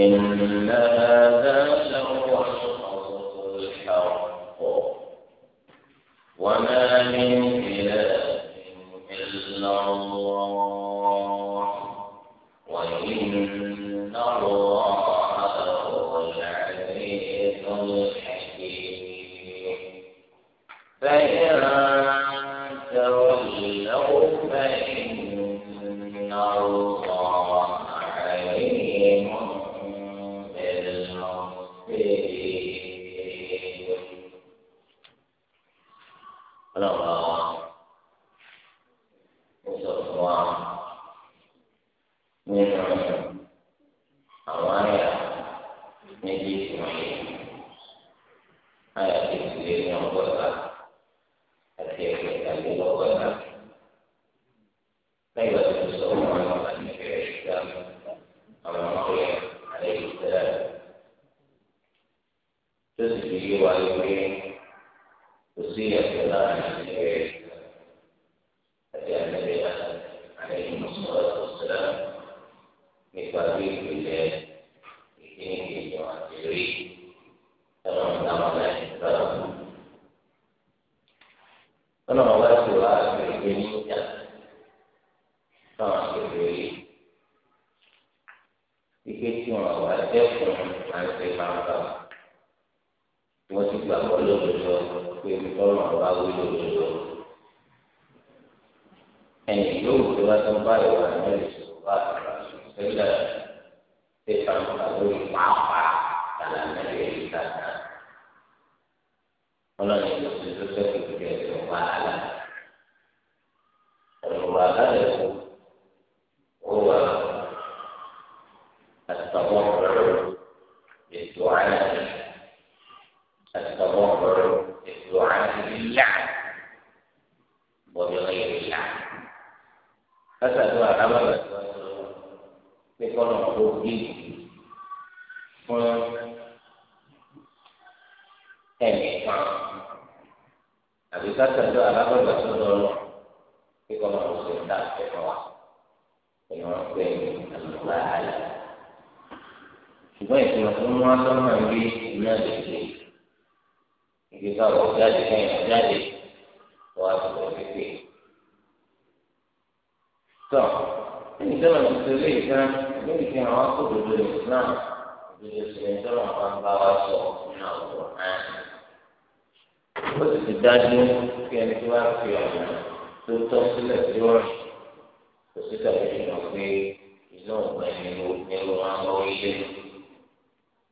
إن هذا para mim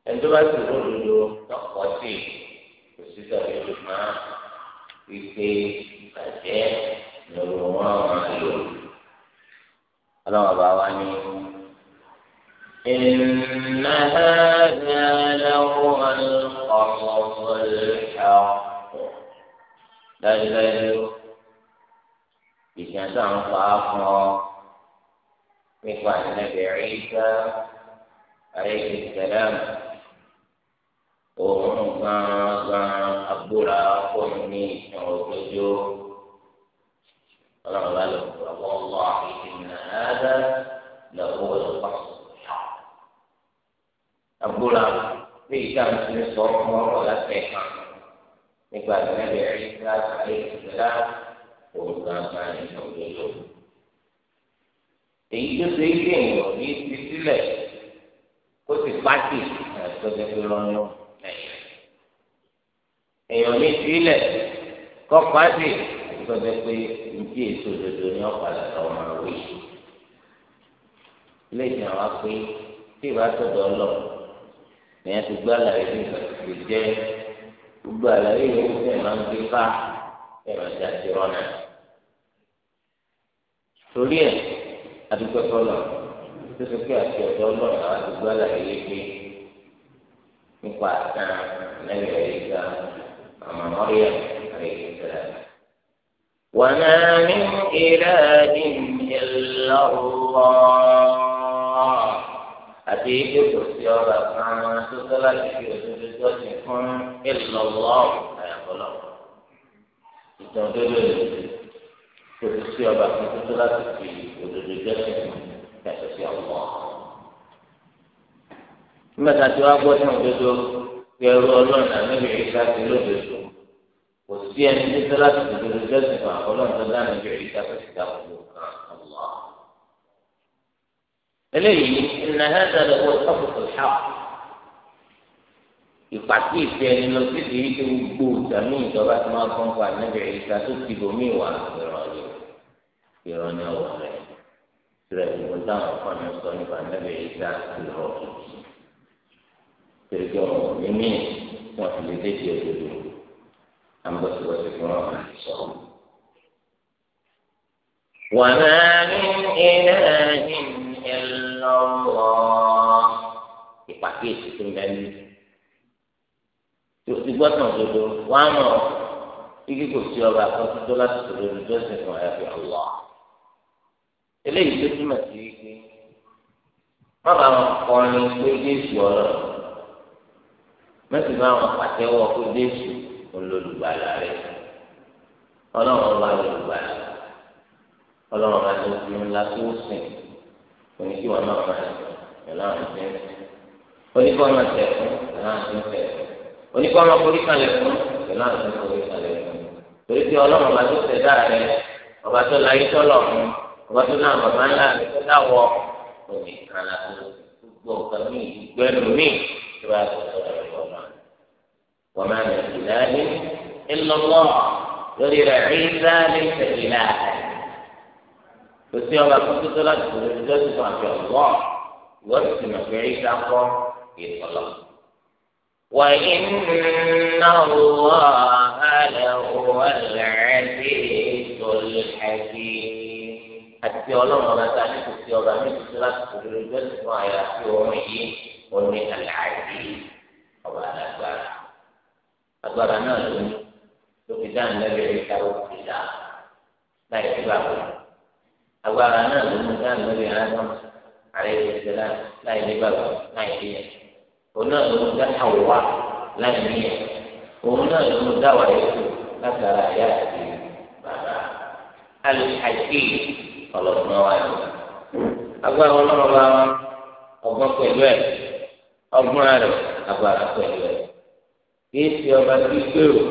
ẹni tó bá sì lódodo lọ́pọ̀ sí kò sí tàbí ṣùgbọ́n wípé bàjẹ́ lọ́rọ̀ wọn máa lò. ọlọ́wọ́ bá wá ní. إن هذا لهو القصص الحق لا لا لا. àwọn fàá fún ọ nípa ìnẹbẹ̀rẹ̀ ìsá ayé ìsẹ̀lẹ̀mù òórùn gángan agbóra fóònù ní ìtàn òjòjò ọlọ́run bá lọ kúrò àwọn ọmọ àìsàn àádá lọ́wọ́ ìlọ́pàá agbóra bí ìjà ń ti sọ ọmọ ọ̀rọ̀ láti ẹ̀ka nígbà tí wọ́n lè rí láti ayé ìgbéra òórùn gángan ìtàn òjòjò èyí tó ṣe é gbé èèyàn ní ti sílẹ̀ ó sì pàṣẹ ìtọ́jú pé lọ́nà èèyàn mi fi ilẹ̀ kọ́pá sí sọ́dọ̀ pé ìdí èso òdodo ni ọ̀padà lọ́wọ́ máa wí. ilé ìjìnlẹ̀ wa pé tí ìbá sọ̀dọ̀ lọ èèyàn ti gbọ́ àlàyé ní ìgbàgbọ́ jẹ́ gbogbo àlàyé yòówù tẹ̀ máa ń gbé ká ẹ̀ máa jà sí rọ́nà. torí ẹ̀ adúgbò sọ́lọ̀ tó ṣe pé àti ọ̀dọ́ náà àwọn àdúgbò àlàyé yé pé nípa àtàn náà yọ̀ أما مريم عليه السلام وما من إله إلا الله أتيك تسير كما تسلك يسجد إلا الله فيقول ìtọ́jú lórí kò sí ọba tuntun tó láti fi òdodo jẹ́sìn yàtọ̀ sí ọ̀pọ̀. nígbà tá a ti wá gbọ́ sí òdodo pé ẹrú ọlọ́run àmì ìrìn ká sí lódodo kò sí ẹni tó tẹ́ láti dòdò jọ́sìn fún àkọlọ́n tó dáná ju èyí tá a fẹ́ẹ́ dá wọn lò kan ọ̀la. eléyìí ìnà hẹ́ẹ́dà lọ́wọ́ sọ́kùtù ṣá ìpàtí ìfẹ́ ẹni lọ sí ìdí ìṣe gbogbo ìdààmú ìjọba tó máa gbọ́n fún ànábẹ̀ èyí tá a tó ti bòmí ìwà ìrọ̀lẹ́ ìrọ̀lẹ́ ọ̀wọ́ rẹ̀ rẹ̀ ìwọ̀n táwọn kan ní sọ nípa ànábẹ̀ èyí tá a ti rọ̀ tuntun. pẹ̀lú ọ̀rọ̀ mímí wọn fi lè dé ambosibosi fún wọn máa sọ. وما من إله إلا الله ìpàkíyèsí tó ń bẹ ní. ti gbọ́ tàn dodo wọ́n á mọ̀ igi kò sí ọba àkọsí tó láti sọ̀rọ̀ olùjọ́sìn fún àyàfi ọ̀wọ́. eléyìí tó túmọ̀ sí wípé olólùgbàlà rẹ ọlọ́run ọba olùgbàlà ọlọ́run ọba tó fi ńlá tó sìn òní kí wọn náà máa pẹ̀lú àwọn ìfẹ́ oníkọ́ ọmọ tẹ̀ fún pẹ̀lú àwọn ìfẹ́ oníkọ́ ọmọ forí kalẹ̀ fún pẹ̀lú àwọn ìfẹ́ forí kalẹ̀ fún torí pé ọlọ́run ọba tó tẹ̀ dáa rẹ ọba tó la yín tọ́lọ̀ fún ọba tó náà bàbá ńlá rẹ tó dáwọ́ òní kan la tó gbogbo nǹkan mí ìgbẹ́nu tó bá tó sọ̀rọ̀ rẹ. وما من إله إلا الله غير عيسى ليس إلها بس يوم كنت طلعت ونزلت في الله واسمع في عيسى أخر يصلى وإن الله لهو العزيز الحكيم àti ọlọ́mọdé tani kò sí ọba mi kò sí láti kúrò lójú ẹsẹ̀ fún àyàfi ọmọ yìí agbára náà ló ní ló fi dá nílẹ̀ rẹ̀ ká ó fi dá láì fi bàbá agbára náà ló ní dá nílẹ̀ rẹ̀ ká àrẹ ìṣẹ̀lẹ̀ láì ní bàbá láì ní yẹn òun náà ló ní dá àwòwá láì ní yẹn òun náà ló ní dá wàyé látara àyà àti bàbá alùpàdé ọlọ́gbọ́n wa ni agbára ọlọ́run bá wọn ọgbọ́n pẹ̀lú ẹ̀ ọgbọ́n rẹ̀ agbára pẹ̀lú ẹ̀ kìí ṣe ọba tí gbèrò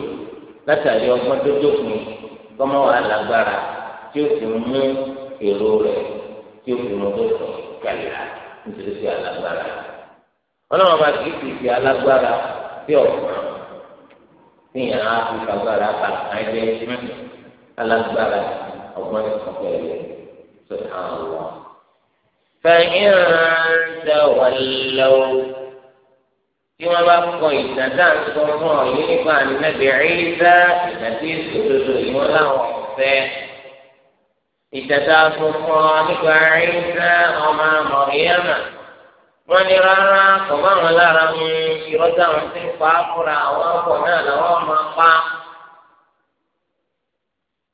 látàrí ọgbọ́n tó dópin kọ́mọ́ wàá lágbára tí ó fi mú èrò rẹ̀ tí ó fi mú tó sọ kàlà nítorí sí alágbára. ọlọ́run ọba kìí ti ṣe alágbára sí ọ̀gbọ́n níyàn á fi agbára bá ẹgbẹ́ alágbára ọgbọ́n ìkọ̀kọ̀ ẹ̀yẹ sọ̀rọ̀ àwọn. فإن تولوا tí wọn bá kọ ìdàdà sọ fún ọ yìí nípa ànábì ẹyíṣà ìdàdí ìṣòdodo ìwọ láwọn ọfẹ ìdàdà sọ fún ọ nípa ẹyíṣà ọmọ mọríyàmà wọn ní rárá kọ bá lára mú irọ́ táwọn ti ń pa á àwọn ọkọ náà làwọn máa pa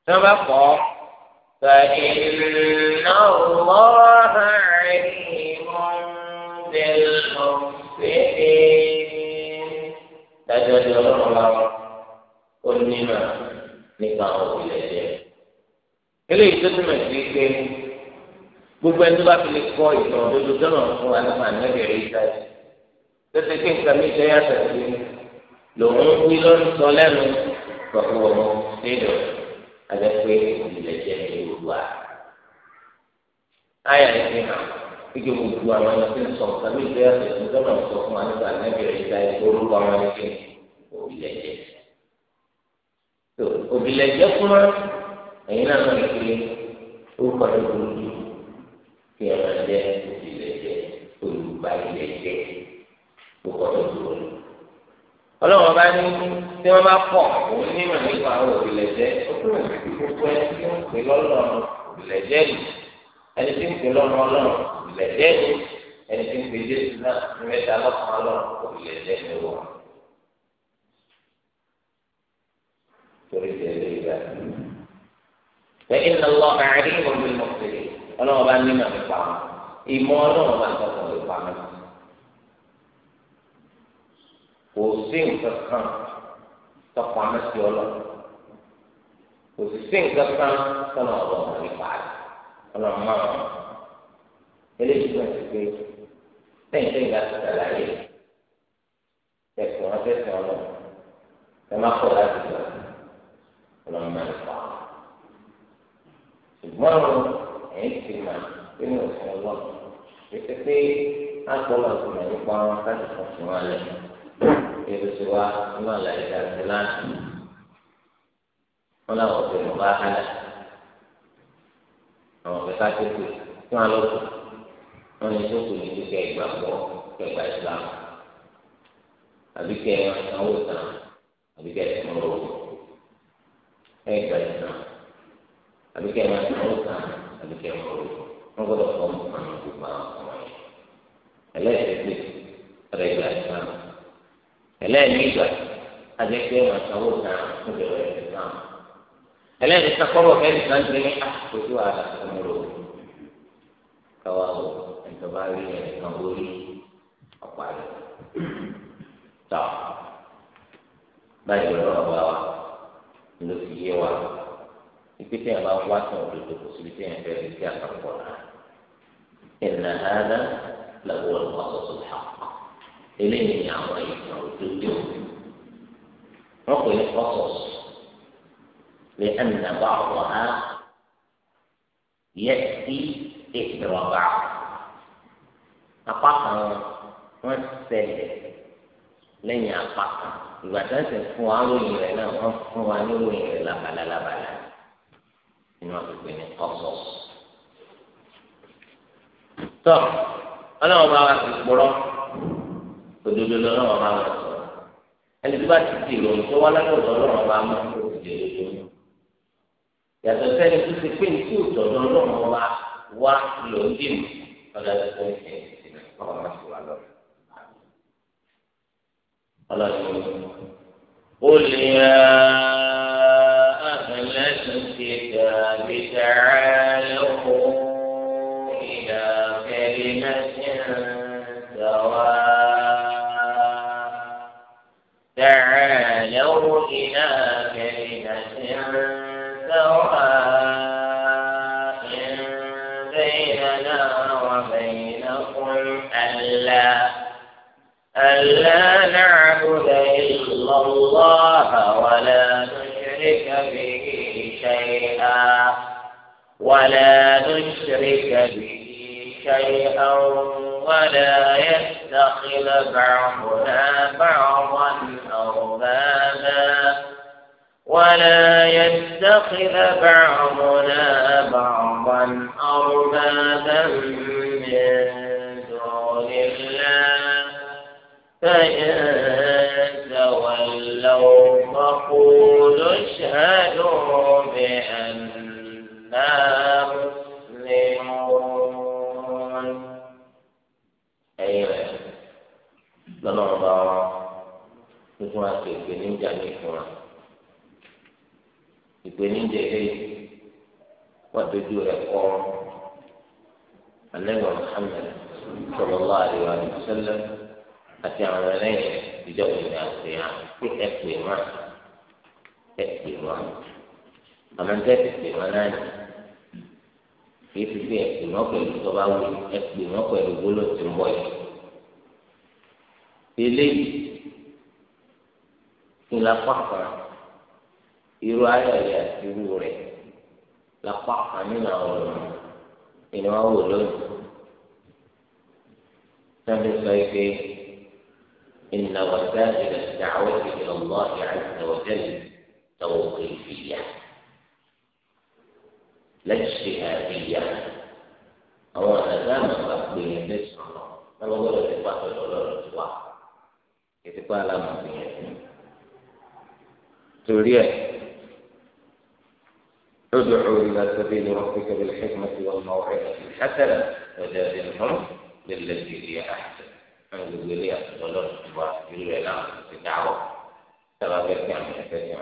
tí wọn bá kọ فإن الله عليم بالمؤمنين المسلمين dájọ́ di ọlọ́run bá wọn ó ní mà nípa àwọn òbílẹ̀ jẹ́. eléyìí tó túmọ̀ sí pé gbogbo ẹni tó bá fi lè kọ́ ìtàn òdodo tọ́nà fún wa nípa ànábẹ̀rẹ̀ ìta ẹ̀ tó ti pé nǹkan mi jẹ́ yàtọ̀ sí lòun wí ló sọ lẹ́nu pọ̀pọ̀ ọmọ nílò àjẹpé òbílẹ̀ jẹ́ ní olúwa. ayà ìfihàn ike gbogbo àwọn ẹni tí ń sọ tàbí ìgbé àti ẹ̀sìn tó náà sọ fún wa nípa ẹ̀nẹ́bẹ̀rẹ̀ ìgbà ìgbà orúkọ àwọn ẹni tí òbílẹ̀ jẹ́. tó òbílẹ̀ jẹ́ kúmọ́ ẹ̀yin náà máa ń pe orúkọ tó burú jù kí ẹ̀ máa jẹ́ òbílẹ̀ jẹ́ olùgbà ilẹ̀ jẹ́ orúkọ tó burú. ọlọ́run ọba ní tí wọ́n bá pọ̀ òun ní ìmọ̀ nípa òbílẹ̀ jẹ́ ó túnbọ̀ ẹni tí ń pè lọ́nà ọlọ́run kò lè lẹ́yìn ẹni tí ń pè jésù náà ní mẹ́ta lọ́kàn ọlọ́run kò lè lẹ́yìn wọn. torí tẹ̀lé ìgbà bẹ́ẹ̀ ni lọ́ àárín ìwọ̀n mi mọ̀ pé ọlọ́run bá nínú àmì pa wọn ìmọ̀ ọlọ́run bá tọkàn lè pa wọn. kò sí nǹkan kan tọkàn mẹ́sì ọlọ́run kò sí nǹkan kan tọ́nà ọlọ́run nípa rẹ̀ ọlọ́run máa wọn eléyìí tó ń ti pé lẹ́yìn tó ń ga ti sàlàyé tẹsán tẹsán lọ ẹ má kọ láti lọ ọlọ́run máa ń fà á ṣùgbọ́n ẹ̀yìn ti mà nínú òfin ọlọ́run pèsè pé akpọlọ ti mà nípa wọn láti fọ fún wa lẹ èrò tí wa nínú àlàyé àti láti wọn làwọn ọ̀sẹ̀ ló bá hàn. àwọn ọ̀gá tètè fún wọn tó kù ní kíkẹ́ ìgbàgbọ́ kẹgbà ìsìlámù àbí kẹ àwọn àbí kẹ ẹ̀sìn ìsìlámù àbí kẹ àbí kẹ wọn gbọdọ̀ fọ́ àwọn gbogbo àwọn ọmọ yẹn ẹlẹ́sìn ọ̀rẹ́ ìgbà ìsìlámù ìgbà ẹlẹ́yìn tó kọ́wọ́ kẹ́lí kan ti ní àkójú ara ọmọlò káwá o ẹ̀tọ́ bá rí ẹ̀kan lórí ọ̀pá rẹ̀ tọ́ báyìí lọ́wọ́ bá wa ló fi yé wa ibi tí yẹn bá wá sí òdodo kò síbi tí yẹn fẹ́ rí sí àkàkọ́ náà ìnà hàdá làwọn olùkọ́sọ̀tò hà eléyìí ni àwọn ìtàn òdodo wọn kò ní kọ́sọ̀sọ̀. لأن بعضها يأتي إحدى بعض apá kan wọ́n ṣẹlẹ̀ lẹ́yìn apá kan ìgbà tí wọ́n sì fún wa lóyìn rẹ̀ náà wọ́n fún wa lóyìn rẹ̀ labalà labalà nínú àgbègbè ní kọsọ. tọ́ ọlọ́run bá wa ti kpọ̀rọ̀ òdodo lọ́wọ́ yàtọ̀ sẹ́ni tó ti pé tí ò tọ̀dọ̀ ọlọ́run ọba wá lò ń dì mí ọ̀dà tó fún ẹ̀ ọ̀rọ̀ máa ti wà lọ. ọlọ́run ó lè ra àbẹ̀lẹ́sìn ti dàbí dára lọ́wọ́ ìdá kẹrin mẹ́sìn dáwà. تعالوا إلى كلمة سواء بيننا وبينكم ألا ألا نعبد إلا الله ولا نشرك به شيئا ولا نشرك به شيئا ولا يتخذ بعضنا بعضا أربابا ولا يتخذ بعضنا بعضا أربابا من دون الله فإن تولوا فقولوا اشهدوا بأننا مسلمون أيوة الأخوة ضاع الله ما الله الدنيا الله ìpèníjẹ eléyìí wọ́n dojú rẹ̀ kọ́ anẹ́gbà Muhammad sọlọ́lá àríwá àdìsẹ́lẹ̀ àti àwọn ẹlẹ́yìn ìjọba ìrìn àti àwọn pé ẹ pè wọ́n ẹ pè wọ́n àmọ́ ẹ pè wọ́n náà ní kìí fi pè wọ́n pẹ̀lú tó bá wù ẹ pè wọ́n gbólóò tó ń bọ̀ yìí. eléyìí ìlàpá kan irú ayọ̀yẹ̀ àti irú rẹ̀ lápá kan nínú àwọn ọ̀rọ̀ ìní wọn wò lónìí. Sábẹ́ sọ pé ìnà wọ̀tá ìlẹ̀ ìdáwọ́ ìlẹ̀ ọ̀gbọ́n ìrẹsì ọ̀jẹ̀lẹ̀ tọ̀wọ̀ kìfìyà lẹ́sì àríyá àwọn ọ̀nà dáná bá pè é lẹ́sàn-án náà wọ́n ti pàtó lọ́lọ́rọ̀ tó wà. alámọ̀ gbìyànjú. Torí ẹ̀. ادعوا إلى سبيل ربك بالحكمة والموعظة الحسنة وجادلهم بالتي هي أحسن اعوذ بالله لي أتغلط وأقول في الدعوه ترى بيت يعني بيت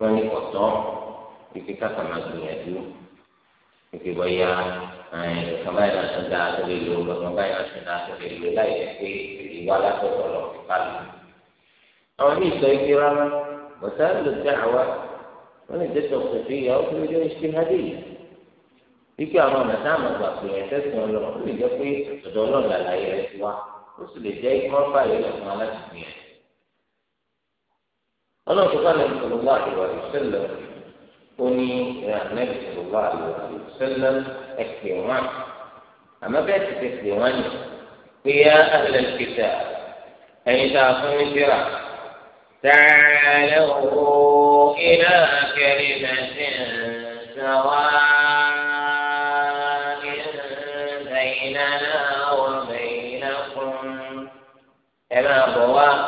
فأني في كتاب ما تنيجو في بيا kembali nak sedar dulu, kembali nak سبيل الله lah ya, di wala tu kalau kita. Awak ni saya kira, wọ́n lè jẹ́ tọkùnfìyà ó tún lè jẹ́ ìṣèhádìyà wípé àwọn ọ̀nà tá a máa gbà pé ẹ̀sẹ̀ sùn lọ ó lè jẹ́ pé ọ̀dọ̀ ọlọ́ọ̀dà àlàyé rẹ̀ ti wá ó sì lè jẹ́ ikú ọ̀fà yìí lọ fún aláṣẹ ìgbìyàn. ọlọ́run tó bá lè sọ̀rọ̀ wá àdìwà ìṣẹ̀lẹ̀ ó ní ìrànlẹ́bí sọ̀rọ̀ wá àdìwà ìṣẹ̀lẹ̀ ẹ̀pẹ̀ wọn àmọ́ bẹ́ẹ̀ تعالوا إلى كلمة سواء بيننا وبينكم أما هو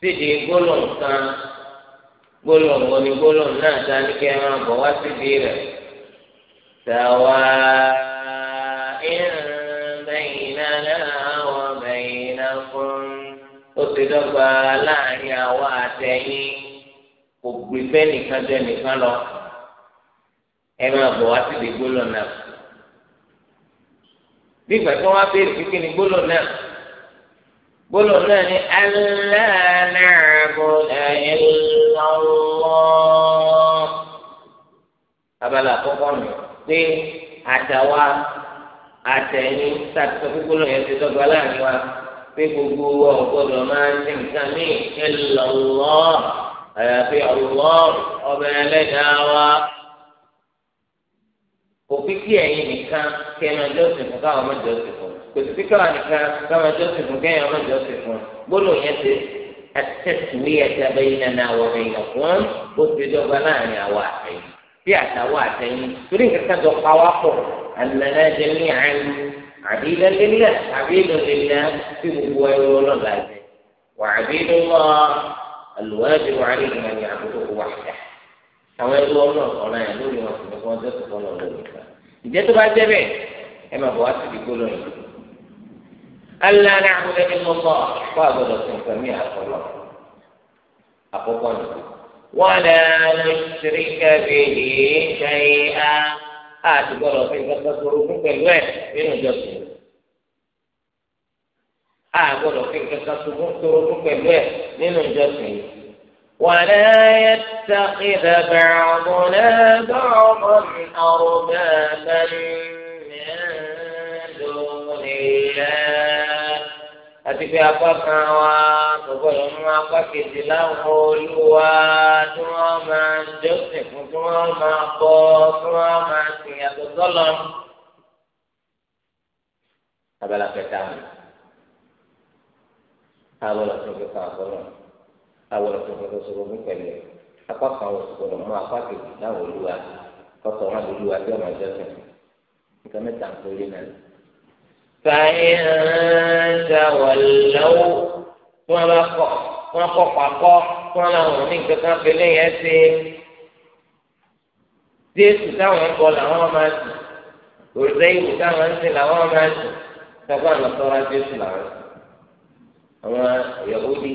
سيدي قولوا كان قولوا وني قولوا الناس أنا كما هو سيدي سواء بيننا ó ti dọ́gba láàrin àwa àtẹ̀yìn kò gbé fẹ́nìkan jẹ́ nìkan lọ ẹ máa bọ̀ wá síbi gbólọ̀ náà bí ìgbà tí wọ́n wá béèrè kíkí ni gbólọ̀ náà gbólọ̀ náà ni aláàánàbọ̀dà ẹ̀lọ́wọ́ abala àkọ́kọ́ mi pé àtàwa àtẹ̀yìn sàtìsọ́ gbólọ̀ yẹn ti dọ́gba láàrin wa pé gbogbo wa ò gbọdọ̀ máa ń ní nǹkan ní ìlọ̀lọ́ àyàfi ọ̀lọ́ ọbẹ̀ ẹlẹ́dàá wa. kò fi kí ẹ̀yin nìkan kí ẹ̀yin ọjọ́ sì fún káwọn ọmọdé ọ̀sẹ̀ fún kò sí káwọn nìkan káwọn ọjọ́ sì fún kẹ́yìn ọmọdé ọ̀sẹ̀ fún gbọ́dọ̀ yẹn ti àtẹ̀síwé ẹ̀dá bẹ́yìn nana àwọn èèyàn fún bó ti dọ́gba láàrin àwọn àtẹ̀yìn bí àtàwọn àtẹ̀yìn torí nǹkan kan pa wá pọ̀ àlùmọ́ عبيدا لله عبيد لله في هو لازم وعبيد الله الواجب عليهم أن يعبدوه وحده àwọn ẹlú ọlọ́run ọ̀ràn ẹ̀ lórí wọn sì ni wọ́n jẹ́ sọ̀tọ̀ lọ lórí ìgbà ìjẹ́ tó bá jẹ́ bẹ́ẹ̀ ẹ máa bọ̀ wá sí ìdígbò lónìí. alára àwọn ẹni mọ́ mọ́ kó àgbọ̀dọ̀ sí nǹkan mí àkọlọ́ àkọ́kọ́ ni. wọ́n lè ṣe rí kẹ́bí yìí ṣe é á àti gbọ́dọ̀ fi nǹkan sọ̀rọ̀ fún pẹ̀lú ẹ̀ nínú ìjọsìn a gbọ́dọ̀ fi nǹkan sọ̀rọ̀ fún pẹ̀lú ẹ̀ nínú ìjọsìn ولا يتخذ بعضنا بعضا أربابا من دون الله àti pé apá kan wa gbogbo ọ̀rọ̀ mú apá kejì láwọn olúwa tí wọ́n máa jọ́sìn fún tí wọ́n máa kọ́ tí wọ́n máa sìn yàtọ̀ sọ́lọ. abala kẹta mi abọ́lọ̀ tó fi kọ́ abọ́lọ̀ abọ́lọ̀ tó fi kọ́ sọ́gbọ́n pẹ̀lú apá kan wọ́n sọ̀rọ̀ mú apá kejì láwọn olúwa kọ́tọ̀ wọn lórí wa tí wọ́n máa jọ́sìn nǹkan mẹ́ta ń pèlè náà. فإن تولوا wọ́n kọ́ pàkọ́ wọ́n làwọn ní kankan fẹlẹ́ yẹn ṣe jésù táwọn ń bọ̀ làwọn máa sùn òrùlé ìwé táwọn ń sìn làwọn máa sùn tọ́gbà lọ́sọ́ra jésù làwọn sùn àwọn yahudi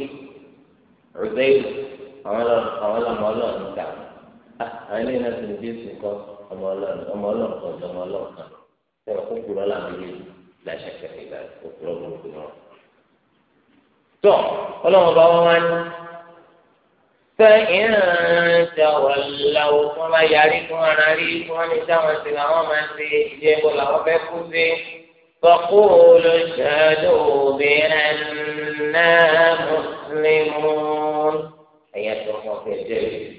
òrùlé ìwé àwọn ọmọ ọlọ́run ta ah, àwọn ilé náà sì ní jésù kọ́ ọmọ ọlọ́run ọmọ ọlọ́run kan ọmọ ọlọ́run kan tẹ̀wọ́n kó kúrọ́ làwọn yẹn. لا شك في ذلك وقربوا بالنار تو اللهم بارك فإن تولوا فما يعرفون أنا أريكم أن تمسك وما يجيب له بكفي فقولوا اشهدوا بأننا مسلمون أيتهم في الجيش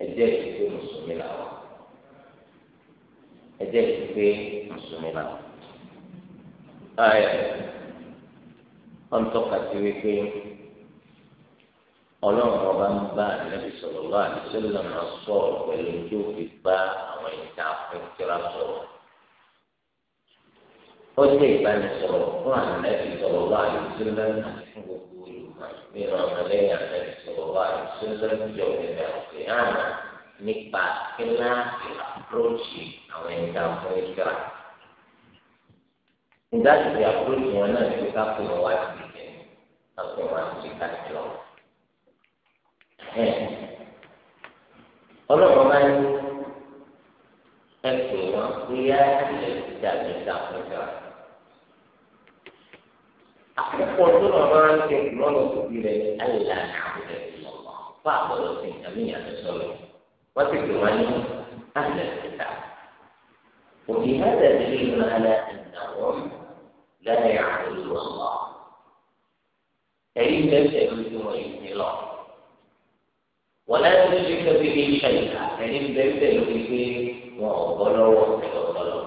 الجيش في مسلمين الأول الجيش في مسلمين الأول ayẹ wọn tọ́ka sí wípé ọlọ́run ọba ń bá ànábì sọ̀rọ̀ lọ́wọ́ àdìsẹ́lẹ̀ máa sọ pẹ̀lú tí ó fi bá àwọn ìta afẹ́kẹ́ra sọ̀rọ̀ ó jẹ́ ìbánisọ̀rọ̀ fún ànábì sọ̀rọ̀ lọ́wọ́ àdìsẹ́lẹ̀ àti fún gbogbo olùmọ̀ nínú ọmọlẹ́yìn ànábì sọ̀rọ̀ lọ́wọ́ àdìsẹ́lẹ̀ jọ ìrìn àti àmà nípa kíláàsì àpúròchì ìdájọ́ ti àpòlù wọn náà ti ká pè wọn wá sí ìgbẹ́ ká pè wọn sí ká jọ. ọlọ́run máa ń ẹ pè wọn bóyá ilẹ̀ ti dàbí ìdàkúnjà. àkókò tó lọ máa ń ṣe lọ́nà tó bí rẹ̀ àlà àbúrẹ̀ lọ́wọ́ fún àbọ̀lọ̀ sí ìdàmíyàn lọ́sọ̀rọ̀ wọ́n ti pè wọn ní àlẹ́ ìdàkúnjà. وفي هذا دليل على أنهم لا يعبد الله كريم ليس يملكون إلا الله ولا تشرك به شيئا كريم ليس يملك وأضل وأضل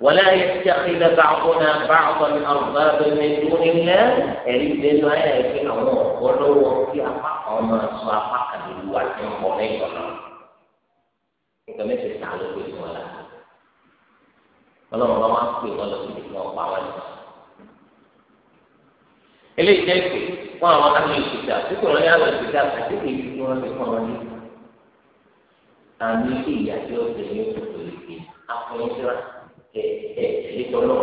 ولا يتخذ بعضنا بعضا أربابا من دون الله كريم ليس يملك وأضل وأضل وما صاحب الوعد من قبل الله كما تستعلم ọlọ́run bá máa ń pè wọ́n lọ sí ìdílé ọ̀pá wọn ni. eléyìí jẹ́ pé fún àwọn àmì ìṣèjà tí kò lọ́yà lọ ìṣèjà àti èyí tí wọ́n ti fún wọn ní. àmì ìyá tí ó tẹ̀lé òkòtò lèkè afọyínsíra ẹ ẹ ẹ̀lẹ́tọ̀ náà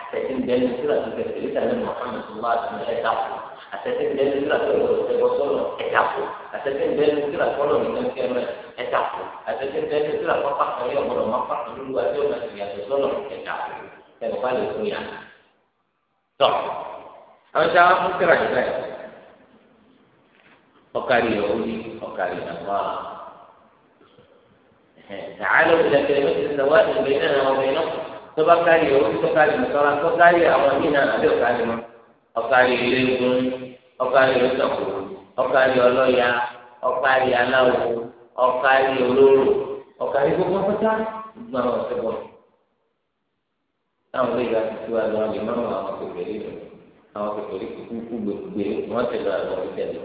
àtẹ̀tí ń bẹ́ẹ̀ ní síra tó tẹ̀lé tẹ̀lé tẹ̀lé mọ̀ àtẹ̀tẹ̀ ń bẹ́ẹ̀ nígbà tó lọ ẹ̀bọ̀ sọ̀rọ̀ ẹ̀dá kù àtẹ̀tẹ̀ ń bẹ́ẹ̀ nígbà tó lọ nínú kẹrẹ ẹ̀dá kù àtẹ̀tẹ̀ ń bẹ́ẹ̀ nígbà tó pàtó yẹ ọ̀gbọ̀dọ̀ má pàtó lólu àti ọ̀nà ìyàtọ̀ sọ̀rọ̀ ẹ̀dá kù ẹ̀rọ bá lè fún yà. tọ́ àwọn ìṣe àwọn fún kíra ìgbà yẹn ọ̀kàrí yahudi ọ̀kàrí nàmọ́ra تعالوا إلى كلمة سواء بيننا وبينكم أو منا ọ̀kárí eléegun ọ̀kárí oṣàkó ọ̀kárí ọlọ́ya ọ̀kárí aláwo ọ̀kárí olóró ọ̀kárí gbogbo pátá gbọ́n àwọn ọ̀sẹ̀ bọ̀. táwọn olóyè àti tiwa lọ lè má mọ àwọn kékeré lò àwọn kékeré kúkú gbègbè wọn ti lọ àlọ́ ìtẹ̀lé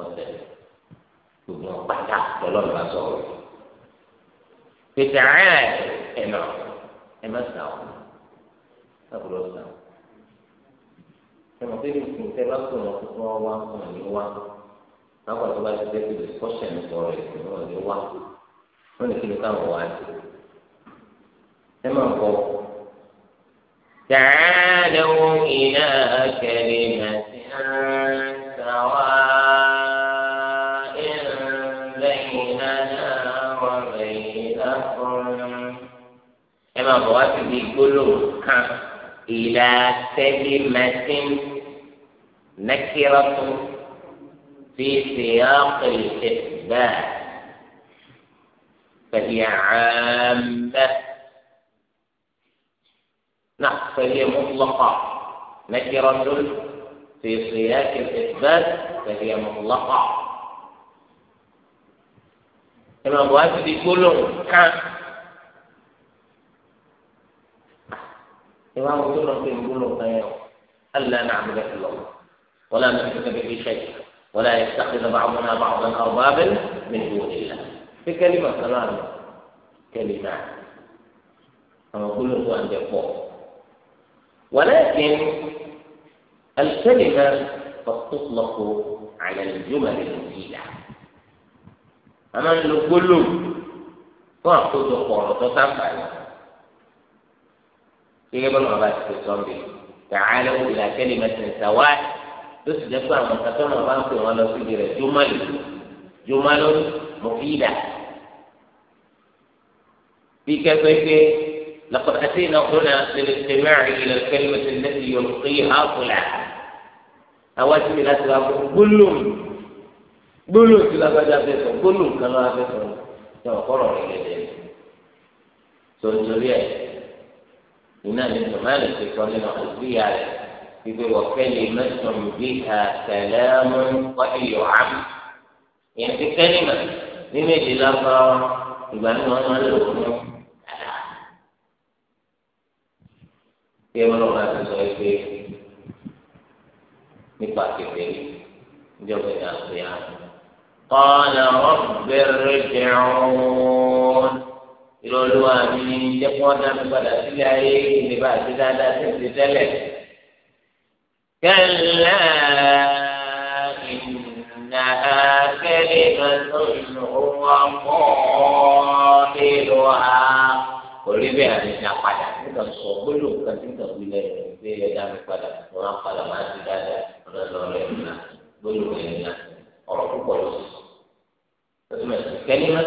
ọ̀tẹ̀lé gbogbo pátá lọ́lọ́run bá sọ̀rọ̀ pété ẹ̀ ẹ̀ nà ẹ̀ má sàwọn ẹ̀ kúrò sàwọn ẹmọ pé lè sìn tẹ bá sùn lọ fún wọn wá wọn ní wá lápá tó bá ti fẹ́ fi discussion sọ̀rọ̀ ẹ̀sìn wọn ní wá wọn ní kí ni káwọn wá sí ẹ máa bọ̀ تعالوا إلى كلمة سواء بيننا وبينكم ẹ máa bọ̀ wá sí إلى كلمة نكرة في سياق الإثبات فهي عامة نعم فهي مطلقة نكرة في سياق الإثبات فهي مطلقة كما واجب يقولون كان ìwà àwọn tó lọ pé ń gbóló kan yẹn o alẹ́ náà àbúrò ẹ̀ lọ́wọ́ wọ́n lọ́wọ́ mi kẹ́kẹ́ bí ṣe wọ́n lọ́wọ́ yẹn sàkè lọ́wọ́ àwọn náà báwọn náà ọ̀bọ̀ abẹ́ mi kò ní la pé kẹ́lí mà kan náà kẹ́lí náà àwọn gbóló tó wà ń bẹ pọ̀ ولكن الكلمة قد تطلق على الجمل المفيدة أما نقول له فأخذ قرطة فعلا gẹ́gẹ́ bọ́lá bàbá ti sọ ń bẹ tààlẹ́ òbí la kẹ́lẹ́ mẹ́tìrì sàwá ló sì jẹ́ pé àwọn kàtọ́ náà bá ń pè wọ́n lọ sí ibi rẹ̀ jomali jomali mọ̀fìdà bí kẹ́kẹ́ pé لقد أتينا هنا للاستماع إلى الكلمة التي يلقيها فلان أواتي إلى كلهم gbólóò tí lágbájá fẹ́ sọ gbólóò kan lára fẹ́ sọ ní rẹ gẹ́gẹ́ tó ń torí ẹ هنا من مالك يقول لنا خلفية يقول وكلمة بها كلام وحي عم يعني في كلمة لما يلقى يبقى أنا له كيف لو ما تسوي نبقى كبير جواب القيامة قال رب ارجعون ìrọ̀lúwa mi jẹ́ kí wọ́n dá mi padà sílé ayé kí lè bá àti dáadáa sí ti tẹ́lẹ̀. kẹ́lá ìnà akẹ́lẹ́ ìrọ̀lú ọmọ ìlú ha kò rí bẹ́ẹ̀ àti ìjà padà nígbà sọ gbólóhùn kan tí nǹkan wí lẹ́yìn ìgbé ẹ̀ dá padà wọ́n á padà máa ti dáadáa ọ̀dọ́ lọ́rọ̀ ẹ̀ ńlá gbólóhùn ẹ̀ ńlá ọ̀rọ̀ púpọ̀ lọ́sọ̀ọ̀sọ̀ kẹ́lí máa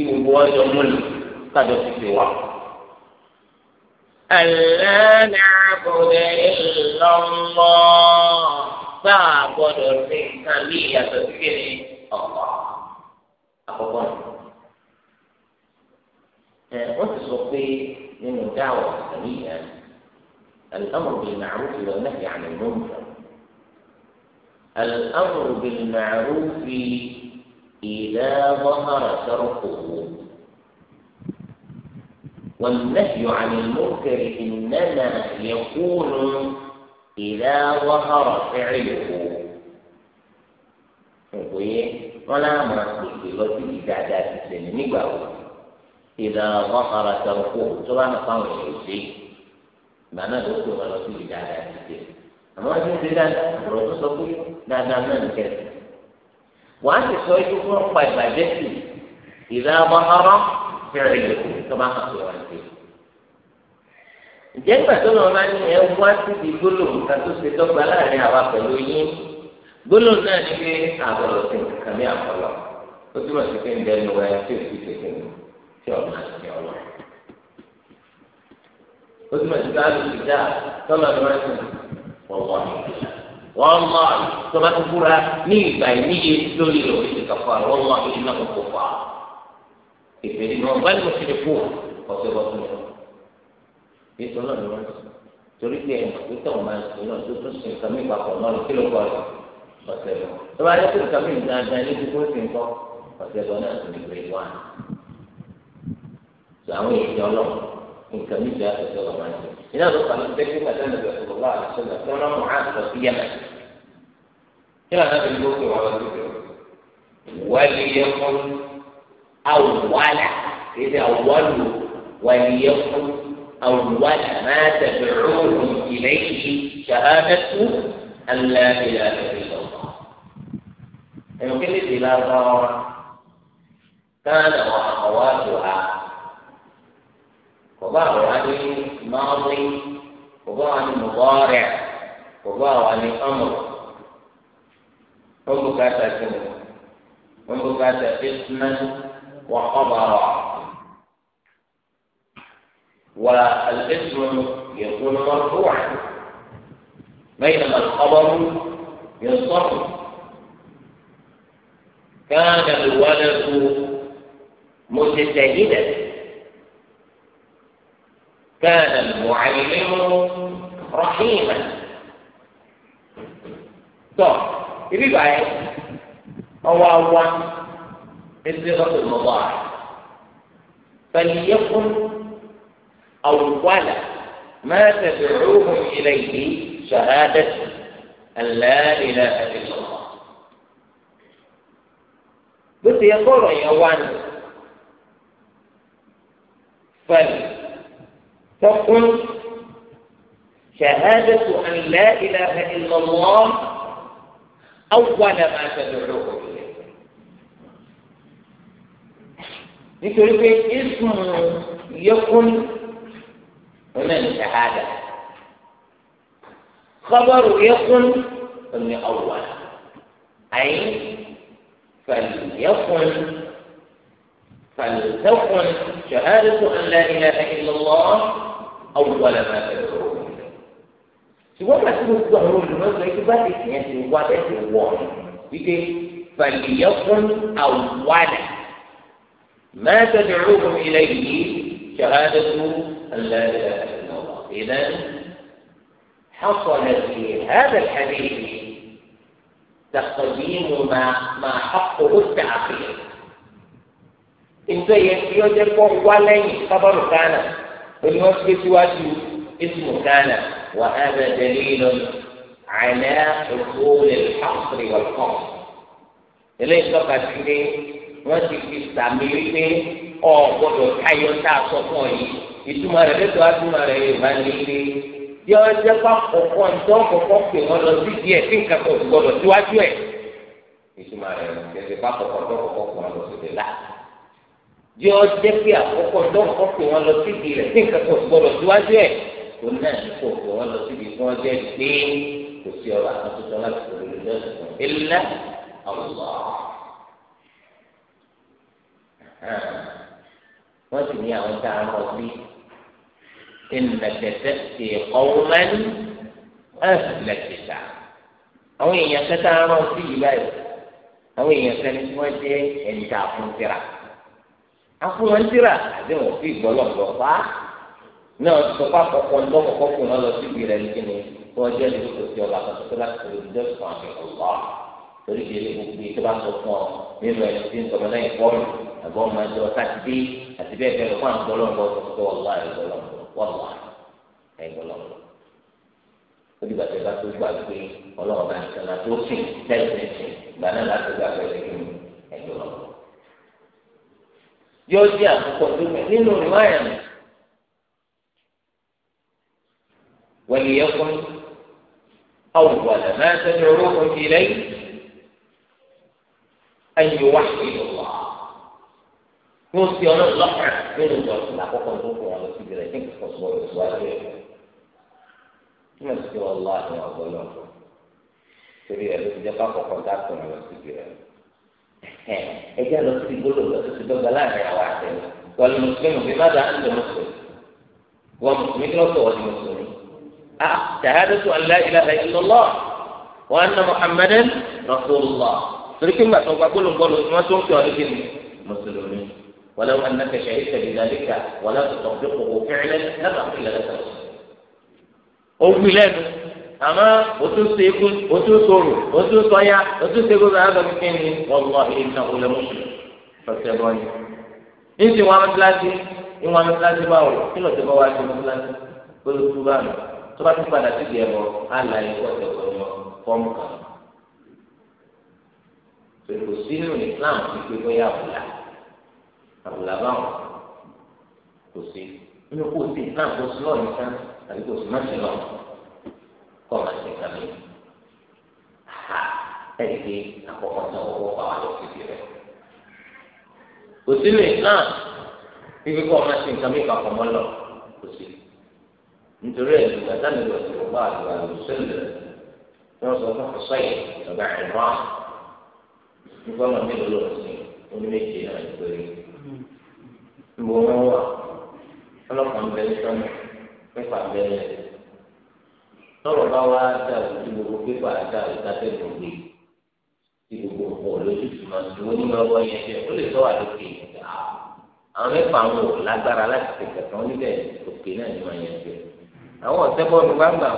kí gbogbo wọn jọ múlò ألا نعبد إلا الله فاعبد الحكمية تذكر الله أخبر أنت من دعوة الإسلامية الأمر بالمعروف والنهي عن المنكر الأمر بالمعروف إذا ظهر تركه والنهي عن المنكر إنما يكون إذا ظهر فعله ولا مرسل في لوتي إعداد السنة إذا ظهر تركه سواء قام الحسي معناه دكتور في إعداد السنة أما أنت تقول لا لا لا نكتب wọ́n á sì sọ ikú fún ọ̀pá ìbàjẹ́ sí ìlà ọmọọrọ fẹ̀rẹ̀ yòókù tó bá hàn wọ́n ti. ǹjẹ́ nígbà tó lọ́wọ́ bá ní ẹ wá síbi gbólóhùn kan tó ṣe dọ́gba láàrin àwa pẹ̀lú yín gbólóhùn náà ní pé àbọ̀lọ̀ sí nǹkan àbọ̀lọ̀ ó túmọ̀ sí pé ń dẹnu ẹ tí ò sì tètè mú tí ọ̀nà àti ọ̀wọ́. ó túmọ̀ sí pé àlùfíà tọ́lọ̀ ni wọ́n ti wọ̀ wọ́n ní ìlànà wọ́n mọ̀ tọ́ba tó kúra ní ìgbà ìníye lórí rẹ̀ oríṣi kàfà wọ́n mọ̀ ìdí náà kò fà á. ìpè ní wọn bá ní mo ti lè fò ọ̀sẹ̀ bọ́ fún mi. ètò náà ni wọ́n ti torí pé ẹ̀yìn tó tọ̀ máa ń sìn náà tó tún sìn kàmí papọ̀ náà ló kílò kọ́ rẹ̀ ọ̀sẹ̀ lọ. tọ́ba yẹ kó kàmí dáadáa ní gbogbo sìn kọ́ ọ̀sẹ̀ lọ náà tún ìgbè wá. sọ àwọn èèyàn lọ nǹkan mi jẹ́ àtẹ̀sẹ̀ lọ́ يلا نبي الموت على الدكتور وليكن أولا إذا أول وليكن أول ما تدعوهم إليه شهادة أن لا إله إلا الله يمكن أيوة، إلى ضرر كان وأخواتها وبعض عن يعني الماضي وبعض عن يعني المضارع وبعض عن يعني الأمر wọ́n bó káta sínú wọ́n bó يكون مرفوعا بينما الخبر ينصرف كان الولد متسيدا كان المعلم رحيما طب ibi báyìí ɔwɔ awa ẹsẹ̀ ọ̀sẹ̀ lọ́wọ́ a fẹ̀lẹ́yẹkùn awùwàlà máa tẹ̀sẹ̀ rúhùn ilẹ̀ yìí ṣàhádẹ́tì ẹ̀lẹ́ẹ̀lẹ́ ẹ̀sẹ̀ lọ́wọ́. bó ti yẹ kọ́rọ̀ yẹn wá ní fẹ̀lẹ́ tọkùn ṣàhádẹ́tì ẹ̀lẹ́ẹ̀lẹ́ ẹ̀sẹ̀ lọ́wọ́. أول ما تدعوه إليه يقول في اسم يكن هنا الشهادة خبر يكن من أول أي فليكن فلتكن شهادة أن لا إله إلا الله أول ما تدعوه ṣùgbọ́n pàṣẹ mo gbọ́ àwọn olùmọ̀sọ yìí tó bá ti tiẹ̀ sí wá tẹ̀sí wọ̀ wípé fàlìyẹ́kùn àwọ̀dà máa tẹ̀lé fún ilẹ̀ yìí ṣàhádẹ́tù إذا حصل في هذا الحديث تقديم ما ما حقه التأخير nítorí yẹn tí ó jẹ́ kó wá lẹ́yìn sábàrù kánà وهذا دليل على حصول الحصر والقصر eléyìí tọ́ka sí pé wọ́n ti fi sàmì wípé ọ gbọ́dọ̀ táyọ̀ tá a sọ fún ọ yìí ìtumọ̀ rẹ̀ lẹ́tọ̀ọ́ àtúmọ̀ rẹ̀ bá ní ilé bí pè wọ́n lọ sí díẹ̀ tí nǹkan kan gbọ́dọ̀ síwájú ẹ̀ ìtumọ̀ rẹ̀ lẹ́tọ̀ọ́ pé àkọ́kọ́ ntọ́ kọ́kọ́ pè wọ́n lọ sí díẹ̀ lá bí ọ jẹ́ pé àkọ́kọ́ ntọ́ pè wọ́n lọ sí díẹ̀ tí nǹkan kan gbọ́dọ̀ síwájú ẹ̀ òun náà ní kò fọ ọ lọ síbi kí wọn jẹ pé kò sí ọba kan tó tọ́ láti kò lórí lọ́sùn fún ilé ọ̀lọ́. wọ́n sì ní àwọn tá a mọ̀ sí ìnàkẹ́tẹ́ ti ọ̀wọ́mẹ́lì ẹ̀fìlẹ̀kìtà àwọn èèyàn kẹta a mọ̀ sí yìí báyìí àwọn èèyàn kẹni tí wọ́n jẹ́ ẹ̀ńtà fún tíra afúnwọ̀n tíra àti wọn fi gbọ́lọ̀ gbọ́ pa náà sọpá àkọ́kọ́ lọ́kọ̀ọ́kọ́ fún wọn lọ síbi rẹ̀ nìkan ni wọ́n jẹ́ lórí kò sí ọba àkàtà tó láti lè jẹ́ fún àmì ọ̀lá torí kì í lè gbogbo tó bá sọ fún ọ nínú ẹni tí ń sọmọ náà ìfọ́ọ̀mù àbọ̀ máa jọ sátidé àti bẹ́ẹ̀ bẹ́ẹ̀ lọ fún àwọn gbọ́lọ́ngbọ́ tó wọ́n wá ẹ̀gbọ́lọ́ngbọ́ olùgbà tó bá tó gbà pé ọlọ́run bá nìkan la وليكن أول ما تدعوهم إليه أن يوحدوا الله yóò fi ọlọ́run lọ́kàn nínú ìjọsìn àkọ́kọ́ tó fún wọn lọ síbi rẹ̀ nígbà tó sọ ọ́ síwájú ẹ̀ kí wọ́n ti fi wọn lọ àwọn ọ̀gọ́ lọ torí ẹ̀ ló ti jẹ́ kákọ̀ọ́kọ́ dákùn lọ síbi rẹ̀ ẹ jẹ́ lọ síbi gbólóhùn lọ síbi dọ́gba láàrin àwọn àtẹ̀yìn wọ́n lọ mùsùlùmí bí má dáa ń lọ mùsùlùmí wọ́n mùsùlùmí kí wọ́n sọ ọ́ di mùsùlùmí شهادة أن لا إله إلا الله وأن محمدا رسول الله لكن ما سوف أقول قولوا ما سوف لكن مسلمين ولو أنك شهدت بذلك ولا تطبقه فعلا لما قيل لك أو بلاد أما وتسيكون وتسور وتسويا وتسيكون هذا مكاني والله إنه لمسلم فسيبوني أنت وعمل ثلاثة وعمل ثلاثة باول تبوا واحد مثلا كله تبوا tó bá tún padà sí ìdí ẹbọ á la ikú ọ̀tẹ̀ ọ̀yọ́ fọ́ọ̀mù kan kò sí nínú Islam pípé bóyá àbùlà àbùlà báwọn kò sí nínú kò sí Islam kò sí lọ́ọ̀ nìkan àbí kò sí má sí lọ́ọ̀ kọ́ máa ṣe nǹkan ha ẹ̀rí pé àkọ́kọ́ náà owó pa wà lọ́ọ́ síbi rẹ̀ kò sí nínú Islam pípé kọ́ máa ṣe nǹkan kàkọ́ mọ́ lọ kò sí nítorí ẹ̀ lùgbà táwọn ìlú ọ̀sẹ̀ ọba àgbà ló sẹ́lẹ̀ wọ́n sọ fún ọ̀sọ́yẹ̀ ọ̀gá ẹ̀rọ nípa ọmọ mi lọ́lọ́ sí oní méje náà ìpèrè níbo wọn wà ọlọ́pàá ń bẹ ní sọ́nà pípa bẹ́ẹ̀ lọ́rọ̀ bá wá dà ojú gbogbo pípa dà ìdájọ́ gbogbo tí gbogbo ọ̀pọ̀ lójútùú máa ti wọ́n ní máa wọ́ yẹn jẹ́ àwọn ọ̀sẹ́ bọ́ọ̀lù wá gbà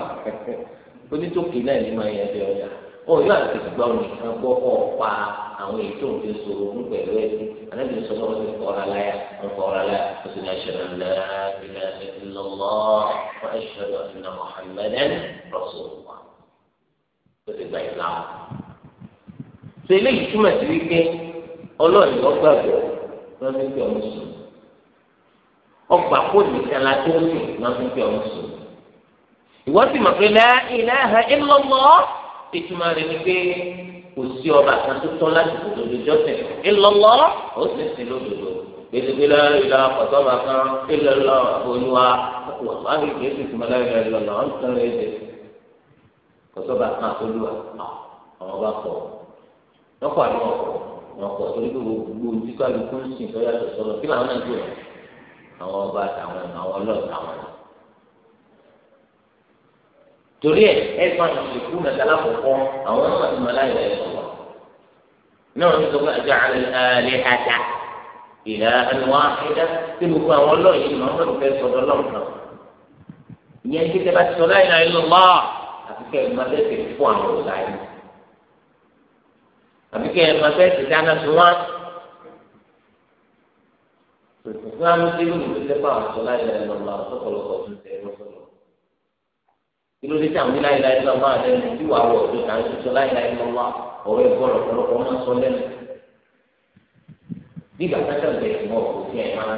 onítòkè náà ni máa yẹ ẹgbẹ́ ọ̀yà ó yóò àti gbọ́ nìkan gbọ́ kọ́ pa àwọn èyí tó ń fi sòrò ń pẹ̀lú ẹ̀sìn anábì sọ lọ́wọ́ sí kọ́ra láyà ń kọ́ra láyà ó sì ní aṣọ́nà ńlá ìlà ìlọ́lọ́ wọn aṣọ́nà ìlà Muhammadan rasulullah ó ti gba ìlànà. ṣe eléyìí túmọ̀ sí wípé ọlọ́ọ̀ni ọgbàgbọ́ lọ́dún pé ọmọ sùn ọgbà kó nìkan la tó ń sùn lọ́dún pé ọmọ sùn ìwọ sì mọ̀ pé la ilaha illallah ìtumọ̀ rẹ̀ ni pé kò sí ọba kan tó tọ́ láti òdodo jọ́sìn illallah ó sì sí lódodo gbèsègbè lọ́wọ́ ìlà ọ̀tọ́ ọba kan illallah olúwa wàá rí gbèsè ìtumọ̀ lọ́wọ́ illallah ó ń tán lẹ́jẹ̀ ọ̀tọ́ ọba kan olúwa àwọn ọba pọ̀ lọ́kọ̀ àdúrà ọ̀pọ̀ ọ̀pọ̀ torí pé tó yàtọ̀ sọ́lọ́ torí ẹ ẹ fà ìsìnkú nàdàlà kọ̀ọ̀kọ́ àwọn ọmọ àti màláyà ẹ̀ sọ̀rọ̀ náà ní sọ́kọ́ àjọ àlẹ́ àdá ìlà ẹnuwa ẹ̀dá tí gbogbo àwọn ọlọ́ọ̀yìn ni màmá mi fẹ́ sọ̀rọ̀ lọ́ọ̀kan ìyẹn ti tẹ́ bá ti sọ láyé náà ló lọ́ àti kẹ́ ẹ̀ máa tẹ̀sẹ̀ fún àwọn ọ̀láyé àti kẹ́ ẹ̀ máa tẹ̀sẹ̀ dáná sí wọn tòtò fún amúdélù ló tẹ́ fún àwọn sọ láyé náà lọ́ kí ló dé tí àwọn láyé láyé lọ́wọ́ máa lẹ́nu tí wàá wọ̀ ọ̀dọ̀ náà tó láyé láyé lọ́wọ́ ọ̀rọ̀ ìbọ̀rọ̀ ọ̀pọ̀lọpọ̀ máa sọ lẹ́nu. Bíbà sáṣà bẹ̀rẹ̀ mọ́ òkú sí ẹ̀ máa.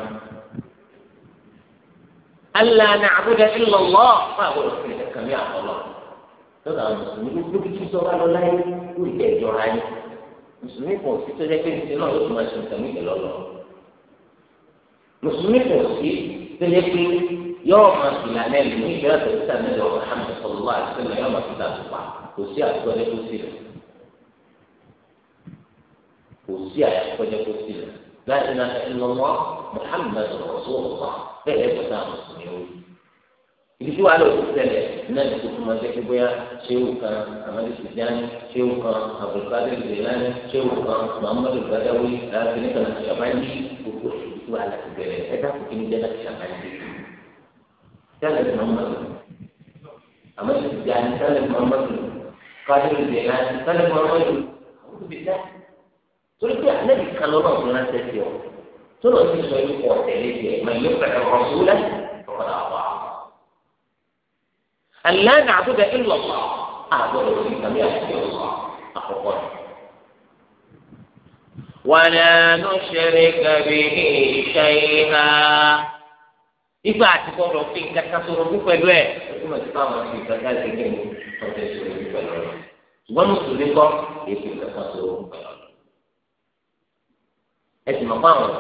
Allah na'budu illa Allah máa wọ̀ lọ́sẹ̀ ìdẹ̀kàn ní àtọ́lọ́. Lọ́dà àwọn mùsùlùmí ló bí kí sọ́ra lọ láyé lórí ìjẹ́ ìjọra yín. Mùsùlùmí kò sí tó jẹ́ pé náà ló máa ṣe nǹkan níbi lọ́lọ́. Mùsùlùmí kò sí tó jẹ́ yóò máa fìlà lẹ́nu ní ìgbéra tó ti sàmì lọ Muhammad sallallahu alaihi wasallam yóò máa fìlà tó pa kò sí àtúwọ́lẹ́ tó sì rẹ̀ kò sí àyàkọ́jẹ́ tó sì rẹ̀ láti náà ẹnu wọn Muhammad rasulullah bẹ́ẹ̀ kò sáà mùsùlùmí ó yí. ìdíjú wa lọ sí ṣẹlẹ̀ náà ní tuntun máa tẹ́kí bóyá ṣéwù kan amadu sìdáni ṣéwù kan abdulkadir jilani ṣéwù kan muhammadu badawi láti nígbà náà ṣàbáyé gbogbo ìdíjú wa láti bẹ̀rẹ̀ ẹ̀dá kò kí ni jẹ́ láti ṣàbáyé سلف من مسلم أما يعني سلف من مسلم قادر الزينات سلف من مسلم أعوذ بالله تقول لك النبي كان الله من التسير تقول لك ما يقوى التأليف من يطع الرسول فقد أطاع أن لا نعبد إلا الله أعبد في سميع الله أخوان ولا نشرك به شيئا ìgbà àti kọ́ńtò fi nǹkan kan sọ̀rọ̀ fún pẹ̀lú ẹ̀ ó mọ̀ sí báwọn ti nǹkan kan ṣe kí ni ọ̀tẹ̀ sọ̀rọ̀ fún pẹ̀lú ọ̀rọ̀ ṣùgbọ́n mùsùlùmí kọ́ èyí fi nǹkan kan sọ̀rọ̀ fún pẹ̀lú ọ̀rọ̀ ẹ sì mọ̀ fáwọn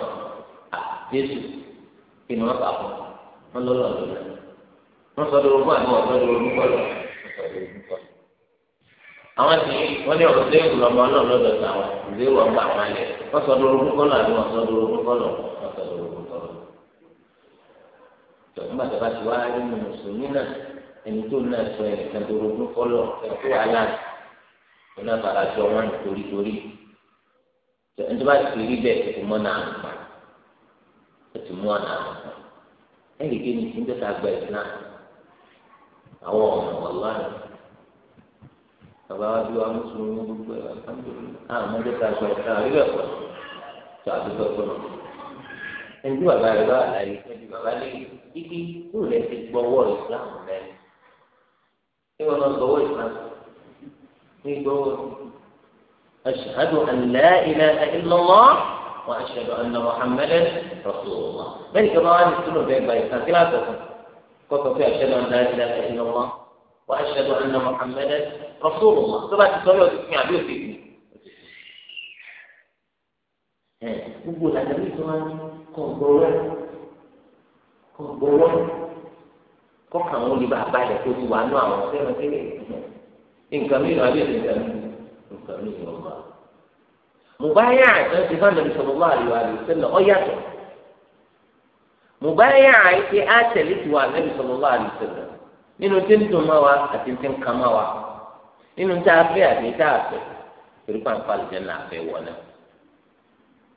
àjẹsù kí ni wọ́n fà fún wọn lọ́lọ́ lọ́lọ́ wọ́n sọ dúró fún àbúrò ọ̀sọ́ dúró fún pẹ̀lú àwọn tí wọ́n ní ọ̀rọ̀ léwu lọ́mọ náà lọ́dọ̀ táwọn léwu ọgbà wọn lẹ̀ wọ́n sọ dúró fún kọ́lọ̀ àbí wọ́n sọ dúró fún kọ́lọ̀ nígbà tó bá ti wá rí mùsùlùmí náà ẹni tó náà sọ ẹnìkan tó rogún fọlọ ẹkú wàhálà iná bàrà jọ wọn torítorí ẹni tó bá ti rí bẹ́ẹ̀ kò mọ náà àmà ó ti mú ọ̀nà àmà ẹnì kí ni ní tẹ́tà gba ìsìnà àwọn ọ̀nà ọ̀lànà bàbá wa bí wa mùsùlùmí gbogbo ẹ̀ àwọn ọmọdé ta sọ ẹ̀ náà pọ̀ tó àdúgbò ibi kó lè fi gbọ́wọ́ islam lẹ kí wọ́n máa gbọ́wọ́ islam ní gbọ́wọ́ ashhadu an la ilaha illallah wa ashhadu anna muhammadan rasulullah bẹ́ẹ̀ni kí wọ́n á ní sínú bẹ́ẹ̀ gba ìsàn kíláàsì ọ̀sán kọ́kọ́ pé ashhadu an la ilaha illallah wa ashhadu anna muhammadan rasulullah tó bá ti sọ yóò ti fi àbí òfin mi. gbogbo làdàbí tó máa ń kọ̀ gbọ́wọ́ kó gbowó kọ́kàn wọn lè bá a kó ti wà nù àwọn sẹ́wọ̀n kéré nǹkan mi náà bẹ̀rẹ̀ nǹkan mi nǹkan mi náà wà. mùbáyà àti ẹ̀sìn fún sọ̀rọ̀ wà lù àlù sẹ́lẹ̀ ọ mùbáyà àti ti wà sọ̀rọ̀ wà nínú tí ń dùn wa àti tí ń wa nínú a fẹ́ àti a fẹ́ náà bí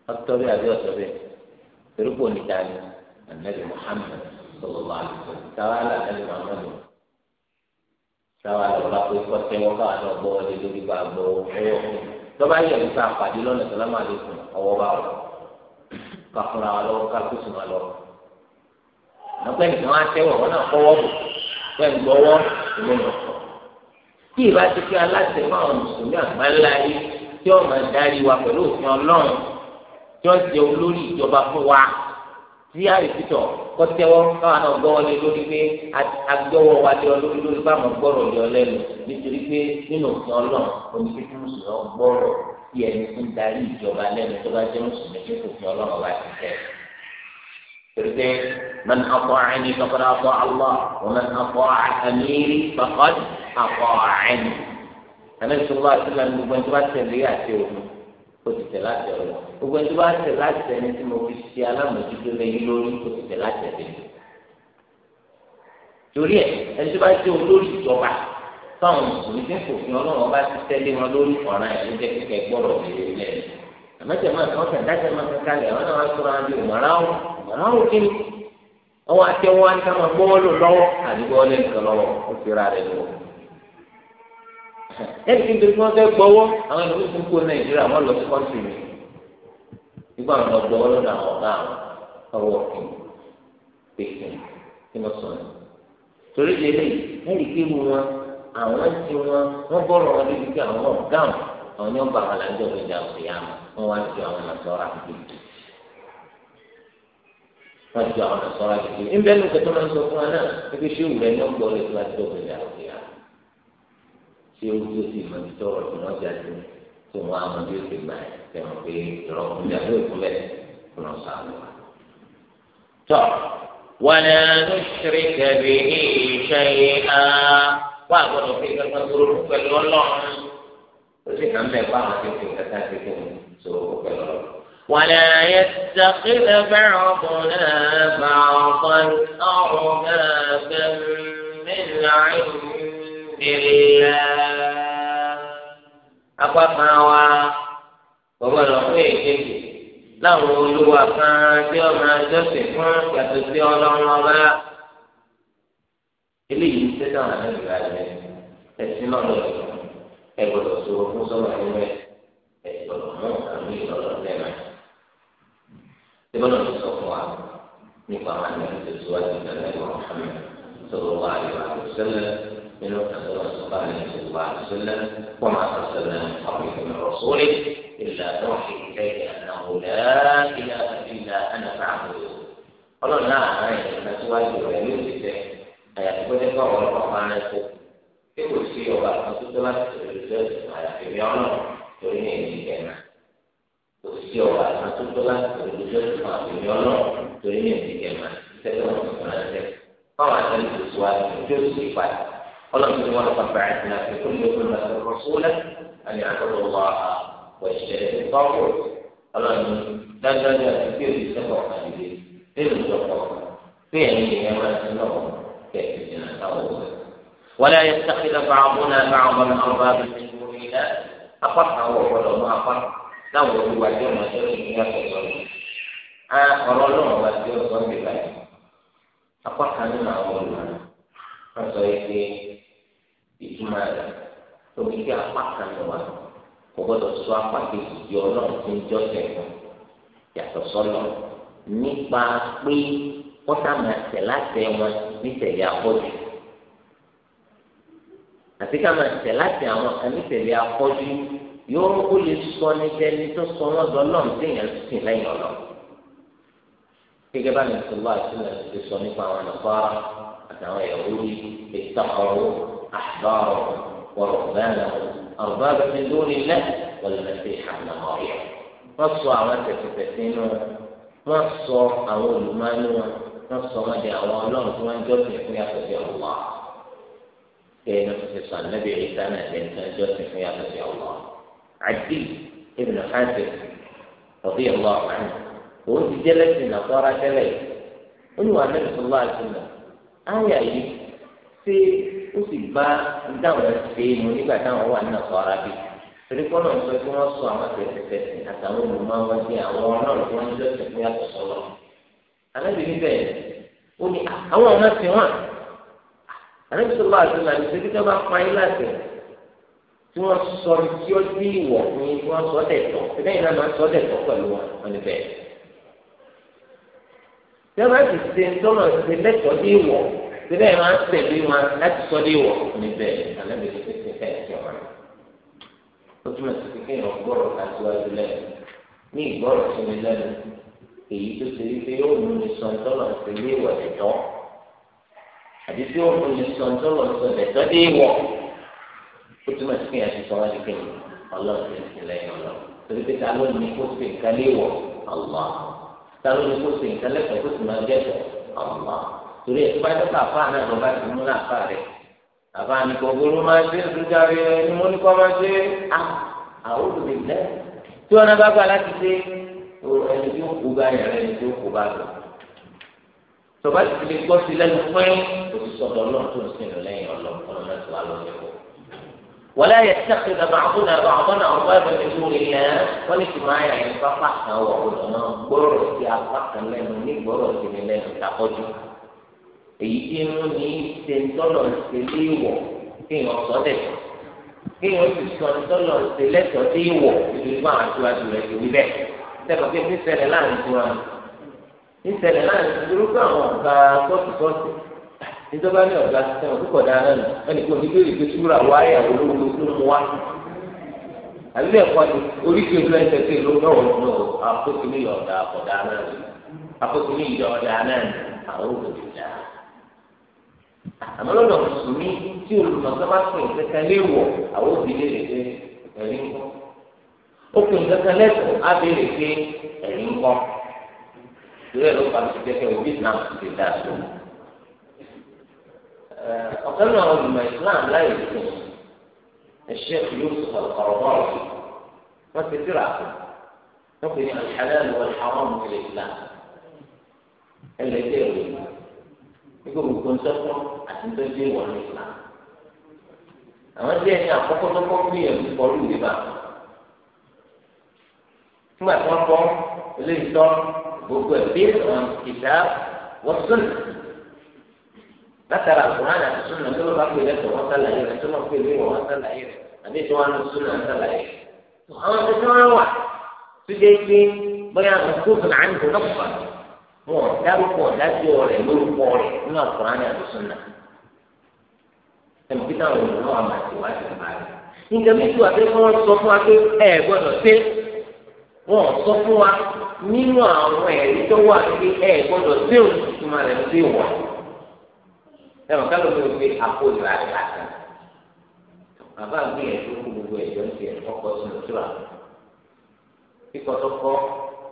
ọ̀tọ́ النبي محمد صلى الله عليه وسلم تعالى النبي محمد تعالى الله يفتح وقال الله يجزي بابه tọ́ba yẹ nípa àpàdé lọ́nà sàlámù أو ọwọ́ bá wọ̀ kakura lọ kakusu ma lọ ọgbẹ́ nìkan wá tẹ́wọ̀ wọn náà kọ́wọ́ bò bẹ́ẹ̀ ń gbọ́wọ́ ìlú nìkan tí ìbá ti fi aláṣẹ fáwọn mùsùlùmí àgbáńlá yìí tí ó máa darí wa pẹ̀lú òfin ọlọ́run tí ó jẹ́ olórí ìjọba fún wa tí àìsítọ̀ kọ́ tẹ́wọ́ káwọn náà gbọ́wọ́ lé lórí pé agbọ́wọ́ wa lé ọ lórí lórí báwọn gbọ́rọ̀ lé ọ lẹ́nu nítorí pé nínú òfin ọlọ́run oníkéjì mùsùlùmí gbọ́rọ̀ tí ẹni tó ń darí ìjọba lẹ́nu tó bá jẹ́ mùsùlùmí tó kò fi ọlọ́run wá ti tẹ̀. pèsè man ata'ani faqad ata'a Allah wa man ata'a amiri faqad ata'a ẹni. àná ìṣòro àti ìlànà gbogbo ẹni tó bá tẹ̀lé àti òfin ó ti tẹ̀ láti ọ̀rọ̀ gbogbo ẹni tó bá tẹ̀ láti ẹni tí mo fi ṣe alámòjútó lẹ́yìn lórí ó ti tẹ̀ láti ẹ̀dẹ̀ torí ẹ ẹni tó bá jẹ́ olórí ìjọba táwọn mùsùlùmí ti ń fòfin ọlọ́run bá ti tẹ́lé wọn lórí ọ̀ràn ẹ̀ ló jẹ́ kíkẹ́ gbọ́dọ̀ lélẹ̀ lẹ́yìn àmọ́tẹ̀mọ́ àtọ́tẹ̀ dájẹ́mọ́ kankanlẹ̀ àwọn náà wá sọ̀rọ̀ àbí òmàráwò òmàráwò kí ni àwọn àti ẹwọ́n á ní ká máa gbọ́ lò lọ́wọ́ àdúgbò ọ̀lẹ́nìkan lọ́wọ́ ó fi ra rẹ̀ lọ́wọ́ ẹni tí nítorí wọn fẹ́ gbọ́wọ́ àwọn ẹni tó kó nàìjíríà wọn lọ sí kọ́ńtì mi nígbà wọn lọ gbọ́wọ́ lọ́dọ̀ àwọn ọ̀gá àwọn ọwọ́ kì í pèsè kí wọ́n sọ yìí torí délé ẹni kí irú wọn àwọn ti wọn wọn bọ̀rọ̀ wọn débi kí àwọn ọ̀gá wọn àwọn ní wọn bá wọn lájọ ìgbà òkèèyà wọn wá ju àwọn nàṣọra gbèdé wọn ju àwọn nàṣọra gbèdé ńbẹ́nu kẹtọ́ máa ń sọ tí ó tó ti mọ ibi tọrọ tí wọn jáde tí wọn á mọ bí ó ti gbà ẹ tẹmọ pé ìrọkùnrin àti òkúlẹ kò lọ sọ àwọn wa. tọ wàlẹ lóṣèré kẹbi ní ìṣe yìí á wà fi kankan tó rú pẹ̀lú Ọlọ́run ó sì kàn bẹ fáwọn tó fi kankan tó fi tó pẹ̀lú Ọlọ́run. ولا يتخذ بعضنا بعضا أربابا من عند billah apá kan wa bọ̀bọ̀ lọ fún èkejì láwọn olúwa kan tí ọmọ ajọ́sìn fún yàtọ̀ sí ọlọ́run ọba eléyìí ń tẹ́tà wọn àti ìgbà rẹ ẹ̀sìn náà lọ sọ ẹ gbọdọ̀ sọ̀rọ̀ fún sọ́wọ́ nínú ẹ̀ ẹ gbọdọ̀ mú àmì ìlọ́lọ́ lẹ́nu ẹ gbọdọ̀ sọ fún wa nípa àwọn àmì ìtẹ̀síwájú ìgbà lẹ́nu ọ̀hún sọ̀rọ̀ wa àyè wa من وكان الرسول عليه الصلاه والسلام وما ارسلنا من قبلك من رسول الا نوحي اليه انه لا اله الا انا فاعبدون ọlọ́run náà àárín ìrìnà síwájú rẹ̀ ló ti tẹ àyàfi pé nípa ọ̀rọ̀ ọ̀pá rẹ̀ tó tí kò sí ọba kan tó tó láti tẹ̀lé lọ́sẹ̀ àyàfi mi ọlọ́run torí ní èyí kẹ́nà kò sí ọba kan tó tó láti tẹ̀lé àyàfi mi ọlọ́run torí ní èyí kẹ́nà tẹ́lẹ̀ wọn ti fún ẹ fáwọn àtẹ̀lé síwájú tó sì padà ọlọ́run ولقد بعثنا في كل أمة رسولا أن يعبدوا الله ويجتنبوا الطاغوت ọlọ́run dájúdájú àti bí òbí sẹ́kọ̀ kan lè lérò ìjọpọ̀ bí ẹ̀yin ìyẹn máa ti lọ́wọ́ kẹ̀kẹ́ ìdènà táwọn wọ̀ ولا يتخذ بعضنا بعضا أربابا من دون الله apáta wọ̀ gbọ́dọ̀ mọ́ apáta láwọn olùwà tí ọmọ ẹgbẹ́ yìí ní àtọ̀tọ̀ rẹ̀ á ọ̀rọ̀ ọlọ́run wá sí ọ̀sán bíbá yìí apáta nínú àwọn olùwà náà wọ́n sọ yìí pé ìtumọ̀ rẹ̀ tóbi kí apá kan lọ wá kò gbọ́dọ̀ sọ apá kejì di ọlọ́run tí ń jọ́sẹ̀ fún yàtọ̀ sọ́nà nípa pé kọ́tà máa tẹ̀ láti wọn nítẹ̀lé afọ́jú àti ká máa tẹ̀ láti àwọn kan nítẹ̀lé afọ́jú yóò ó lè sọ ní tẹ́lẹ̀ sọ wọn lọ lọ́run tí èèyàn sìn lẹ́yìn ọ̀nà gẹ́gẹ́ bá mi sọ lọ́wọ́ àti ti sọ nípa àwọn ọ̀nà fọ́ọ̀rọ̀. كما يقول اتخذوا احبارهم ورهبانهم اربابا من دون الله والمسيح ابن مريم فصوا في كتابين نصوا او المال نصوا ما جاء الله لهم ثم انجزوا في حياته الله كي نفسس النبي عيسى نبي انجزوا يا حياته الله عدي ابن حاتم رضي الله عنه وانت جلست نصارى كليل قلوا النبي صلى الله عليه وسلم aya yìí ṣé ó sì bá dáhùn ṣe mu nígbà táwọn wà nínú torí sọ pé wọ́n sọ àwọn àtàwọn olùmọ̀ wọn àwọn tí wọ́n ń lọ́sẹ̀ fún yàtọ̀ sọ́lọ́ àlẹ́bí níbẹ̀ ó ní ah, àwọn ọmọ ti wọn àlẹ́bí tó bá àti ṣe pa yín láti tí wọ́n sọ tí ó dín ìwọ̀ fún yín bí wọn bá ti ṣe tọ́nà ṣe lẹ́tọ̀ọ́ dé ìwọ̀ síbẹ̀ máa ń tẹ̀lé wọn láti sọ dé ìwọ̀ níbẹ̀ àlẹ́bí ti ṣe fẹ́ ẹ̀jẹ̀ wọn. ó túmọ̀ sí pé kéèyàn gbọ́rọ̀ láti wájú lẹ́nu ní ìgbọ́rọ̀ sí mi lẹ́nu èyí tó ṣe wípé yóò mú mi sọ tọ́nà ṣe lé ìwọ̀ ẹ̀tọ́ àbí tí yóò mú mi sọ tọ́nà ṣe ẹ̀tọ́ dé ìwọ̀ ó túmọ̀ sí pé kéèyàn ti ń sìn táwọn olùkóso nǹkan lẹ́kọ̀ọ́ tó sì máa jẹ́kọ̀ọ́ ọ̀mà torí ẹ̀ tó bá dọ́kà àfa náà lọ bá ni kòkòrò máa ṣe ìdújáre ni mo ní kọ́ máa ṣe ah, àwọn olùdílẹ̀ tí wọn bá gba láti ṣe ẹni tí ó kú bá yàrá ẹni tí ó kú bá lọ tọ́ba ti fi lè gbọ́ sí lẹ́nu pẹ́ òṣìṣọ́ ọ̀dọ́ náà tó ń sìn lọ lẹ́yìn ọlọ́ọ̀ ọlọ́ọ̀ náà ti wá lọ́ọ́ ولا يتخذ بعضنا بعضا أربابا من دون الله ولكما يعني فقحنا وقلنا برس يا فقحنا لنا برس من لنا تقوتي èyí tí inú ní ṣe ń tọ́lọ̀ ṣe lé ìwọ̀ kéèyàn sọ lẹ́tọ̀ kéèyàn sì sọ ń tọ́lọ̀ ṣe lẹ́tọ̀ sí ìwọ̀ nítorí báwọn aṣíwájú rẹ̀ ti wí bẹ́ẹ̀ sẹ́kọ̀ pé ní ṣẹlẹ̀ láàrin tiwọn ní ṣẹlẹ̀ láàrin tiwọn lórúkọ àwọn ọ̀gá tọ́sítọ́sí níjọba ní ọ̀gá sísẹ́ wọn kíkọ̀ dáná nù ẹnì kan ní bèrè pé túra wáyà olówó ló mú wá. àlùlẹ̀ ẹ̀kọ́ ni oríṣi ojú ẹsẹ̀ sí ìlú náà wọ́n mú àkóso ní ọ̀dà ọ̀dà náà nù àkóso ní ìdá ọ̀dà náà nù àwọn òbí dá. àmọ́ lọ́dọ̀ mùsùlùmí tí olùmọ̀sánmásìn kẹkẹ léwọ̀ àwọn òbí lè lè dé ẹ̀rí ńkọ́. ó pè nǹkan lẹ́sùn á béèrè pé ẹ̀rí ńkọ́. ìrẹ́ ló fa ọ̀kan náà olùmọ̀ islam láyé fún ẹ̀ṣẹ́ yusuf al-qaradawi wọ́n ti tíra fún wọ́n fi ní al-halal wal-haram ilẹ̀ islam ẹlẹ́dẹ̀ rẹ̀ nígbà gbogbo ń sọ́kún àti ń tọ́jú ìwọ̀n ní islam àwọn díẹ̀ ní àkọ́kọ́ tó kọ́ fún ìyẹn pọ̀lú ìdìbà nígbà kọ́ eléyìí tọ́ gbogbo ẹ̀ bí àwọn kìtà wọ́n sọ̀rọ̀ látara àkùnrin àti súnà tó ló bá pè lẹ́tọ̀ wọ́n sàlàyé rẹ̀ tó lọ́ pè lé wọ́n sàlàyé rẹ̀ àbí tí wọ́n súnà sàlàyé rẹ̀. àwọn tó tó wá tó dé pé bóyá mọ̀kúfù náà ń kó lọ́pọ̀ wọn dárúkọ dájú rẹ̀ lórúkọ rẹ̀ nínú àkùnrin àti súnà. ẹ̀mí pété àwọn olùkọ́ àmà ti wá sí ìbá rẹ̀. nǹkan bí tí wàá sọ fún wa pé ẹ gbọ́dọ̀ wọn ẹ̀wọ̀n kálọ̀ mi ò fi àpò ìlà rẹ̀ kàtà bàbá mi yẹn tó kú gbogbo ẹ̀jọ́ ti ẹ̀ kọ́kọ́ sínú tíra kíkọ́ tó kọ́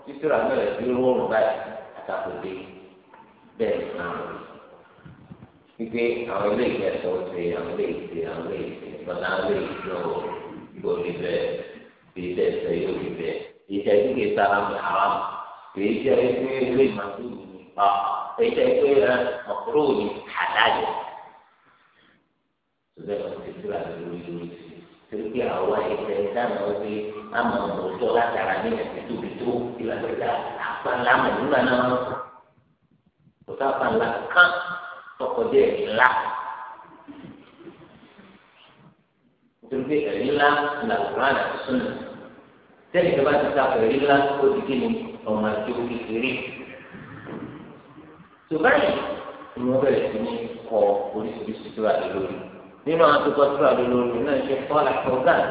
títíra náà ẹ̀ fi rọrùn báyìí àtàkùnlé bẹ́ẹ̀ ni máa wípé àwọn ilé ìgbẹ́sọ̀ ti àwọn ilé ìgbẹ́ àwọn ilé ìgbẹ́ ìgbọ́nà àwọn ilé ìgbẹ́ ìgbọ́ mi bẹ́ẹ̀ bí ilé ẹ̀sẹ̀ yóò mi bẹ́ẹ̀ ìtẹ̀ tí kìí sára mi haram kìí jẹ́ pé ilé ìmọ̀ àdáyọ ṣùgbọ́n ìwọ̀n ti tura lórí lórí torí pé àwọn ẹgbẹ́ dáná wípé àmọ̀ ọ̀dọ́ látara ní ẹ̀sìn tóbi tó ìlàgbẹ́ta àpàlà mọ̀ nígbà náà kò tá àpàlà kán tọkọjá ẹ̀rí ńlá torí pé ẹ̀rí ńlá làwòrán àti súnà tẹ́lẹ̀ tó bá ti ta ẹ̀rí ńlá ó di kí ni ọmọ àti òkè kéré. ṣùgbọ́n ni wọ́n bẹ̀rẹ̀ sí ní kọ oríṣiríṣi tó àlè lórí nínú àwọn tó kọ tó àlè lórí náà ṣe kọ́lá kọ́gán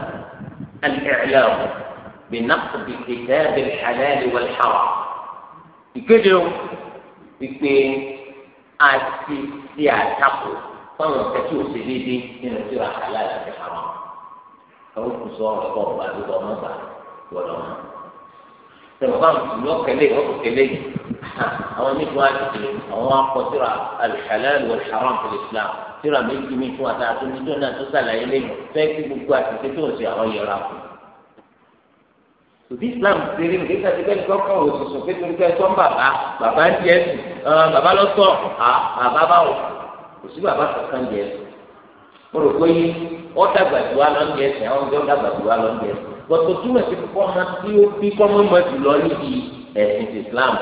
al-i'lam bi-naqd kitab al-halal wal-haram ìkéde o ìpè àti ti àtakò fáwọn akẹ́kọ̀ọ́ òṣèlú dé nínú tó àlè àti haram. àwọn kùsọ̀ ọ̀rọ̀ kọ̀ ọ̀gbà ló lọ́ mọ́ bá wọ́n lọ́ mọ́ sọ̀rọ̀ bá mùsùlùmí ọ̀kẹ́lẹ́ ọ̀kẹ́lẹ́ yìí àwọn mímu àti àwọn akọ̀tìrà alìhàlẹ́l wàlìhàrán fún islam tìrà méjì mi fún ata àti onídó náà tó sàlàyé lẹ́yìn fẹ́ kí gbogbo àtìsí tó ṣe àwọn yẹra fún. òbí islam ti rí nígbà tí bẹ́ẹ̀ nìkan kan òṣìṣọ́ pé torí pé sọ́n bàbá bàbá ń jẹ́ ẹ̀sìn bàbá lọ sọ bàbá báwò kò sí bàbá kankan jẹ́ ẹ̀sìn. mo rò pé ọ́ dàgbà jù wá lọ́ọ́ jẹ́ ẹ̀sìn àwọn ọjọ́ dàgbà jù wá lọ́ọ́ jẹ́ ẹ̀sìn gbọ́dọ̀ túmọ̀ sí kọ́ ọmọ tí ó bí kọ́ ọmọ mọ̀ jùlọ níbi ẹ̀sìn Islam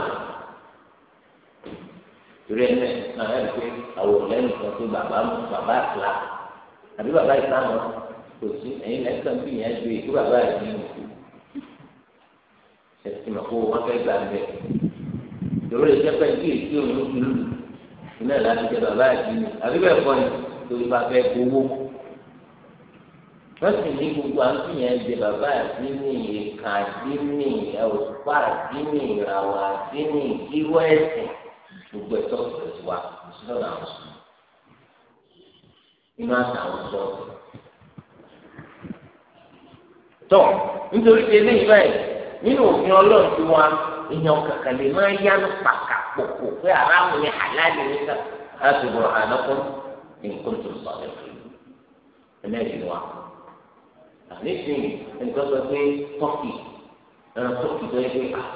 torí ẹni náà ẹni pé àwọn ọ̀lẹ́nu kan tó bàbá bàbá àtìlá àbí bàbá Islam kò sí ẹ̀yin lẹ́sàn bí yẹn ju ìkú bàbá rẹ̀ ní ìlú ẹ̀sìn mọ̀ kó wọ́n fẹ́ gbà bẹ́ẹ̀ torí ẹ̀jẹ̀ pẹ̀lú ìdí òun ìlú iná láti jẹ bàbá ìdí ni àbí bẹ́ẹ̀ kọ́ ni torí bá fẹ́ gbowó. wọ́n sì ní gbogbo àǹfìyàn ẹ̀jẹ̀ bàbá àdínì ìka àdínì ọ̀pá àdínì ìràwọ̀ àdínì ìwọ́ ẹ̀sìn gbogbo ẹ̀tọ́ ìfẹ̀sí wa sọ́dọ̀ àwọn inú àtàwọn sọ́ọ̀tù. tọ́ nítorí eléyìí báyìí nínú òfin ọlọ́run ti wá èèyàn kàkàn lè máa yánu pàkà pòpò pé aráàlú ni àlàyé níta láti bọ̀ ànákọ́ nǹkan tó sọ̀rọ̀ ẹ̀mẹ́rin wa. nísìnyí ẹnìkan sọ pé tọ́kì ẹran tọ́kì tó yẹ pé ah,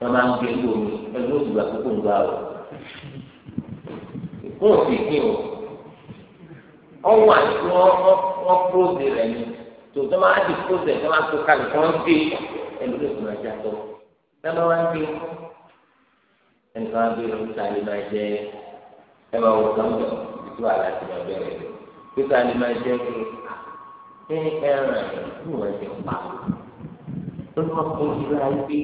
wọ́n máa ń gbé ní omi ẹni ló dùgbà tó kó ń gbà o. fún òsì kí o ọwọ́ àti wọ́n kúròdì rẹ̀ ni tòótọ́ máa di kúròdì rẹ̀ tó máa tó kalẹ̀ kí wọ́n gbé ẹni ló dùgbà jà tó lọ́nà wá ń gbé ẹnìkan wá gbé lọ́wọ́ sáré máa jẹ ẹ máa wọ sọ́ńdọ̀ ìtura láti máa bẹ̀rẹ̀ pé sáré máa jẹ́ kí o pé ẹran ẹ̀ ní wọ́n ti pa tó ní wọ́n kó ìlú ayé pé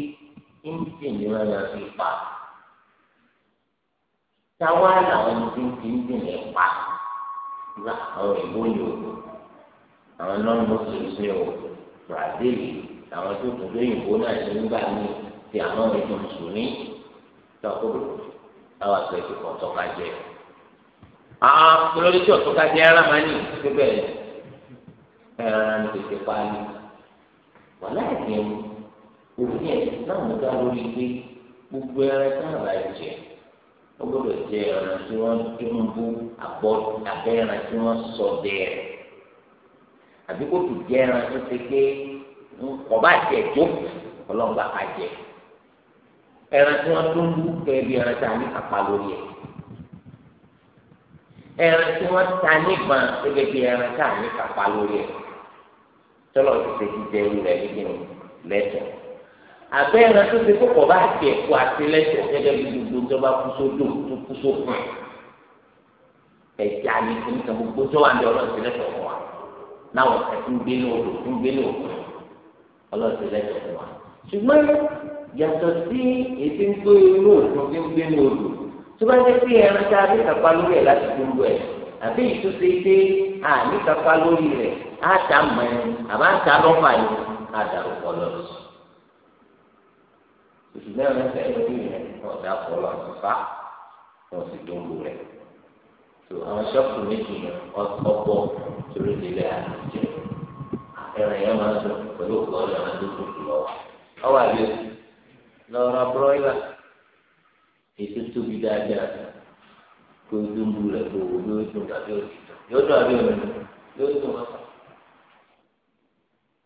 íńtì ni wọ́n yàn fi pa táwọn làwọn ẹni tí ń fi íńtì ní pa ìgbà àwọn ìbò yòó àwọn nọ́ọ̀mùsùlùmí o Brazil àwọn tó kù lóyìnbó náà ṣe ń gbà ní ti àwọn ètò mùsùlùmí tọkùrù táwọn àti ẹ̀kọ́ tọ́ka jẹ. àwọn olórí tí ọ̀tún ká jẹ́ ara máa ní síbẹ̀ ẹran tètè parí wọn láì fi òfin ẹ náà mú ká lórí pé gbogbo ẹran tí wọn bá jẹ ó gbọ́dọ̀ jẹ ẹran tí wọn dún bú àbọ abẹ ẹran tí wọn sọ bẹ́ẹ̀ àbí kó tó jẹ ẹran tó ṣe pé ọba jẹ jókòó Ọlọ́run ká jẹ ẹran tí wọn dún bú kẹ bí ẹran tí a ní kápá lórí ẹ ẹran tí wọn ta nígbà gẹ́gẹ́ bí ẹran tí a ní kápá lórí ẹ tọ́lọ̀ ti ṣe jíjẹ irú rẹ̀ nígbìn lẹ́tọ̀ àbẹ́ ẹran tó ti kókò bá ti ẹ̀kọ́ àti lẹ́tọ̀ gẹ́gẹ́ bí gbogbo tó bá kú sódò tó kú sókun ẹ̀já ni kí nǹkan gbogbo tó wà ní ọlọ́ọ̀tì lẹ́tọ̀ fún wa náwọn ọ̀sẹ̀ tó ń gbé ní odò tó ń gbé ní òkun ọlọ́ọ̀tì lẹ́tọ̀ fún wa ṣùgbọ́n yàtọ̀ sí ètí ń gbé inú òkun tó ń gbé ní odò tó bá jẹ́ pé ẹran tá a bí àní kápá lórí rẹ̀ á ta mọ̀ ẹ́ àbá ń ta lọ́fà yìí á dàrú pọ̀ lọ sí. oṣù mẹ́rin ẹ̀fẹ̀ lórí rẹ̀ náà dá pọ̀ lọ àtúfà náà sì tó ń lò rẹ̀. tó àwọn ṣọ́ọ̀kù méjì ọ̀pọ̀ torí lílẹ̀ àtijọ́ ẹ̀rọ yẹn máa ń sọ pẹ̀lú òkú ọ̀rẹ́ àwọn tó tó kù lọ́wọ́. ọwọ́ àbí lọ́ra búrọ́ìlà ètò tóbi dáadáa kó o dúró rẹ̀ kó o lóyún tàbí òkè. yóò dùn àbí òní yóò dùn wọn.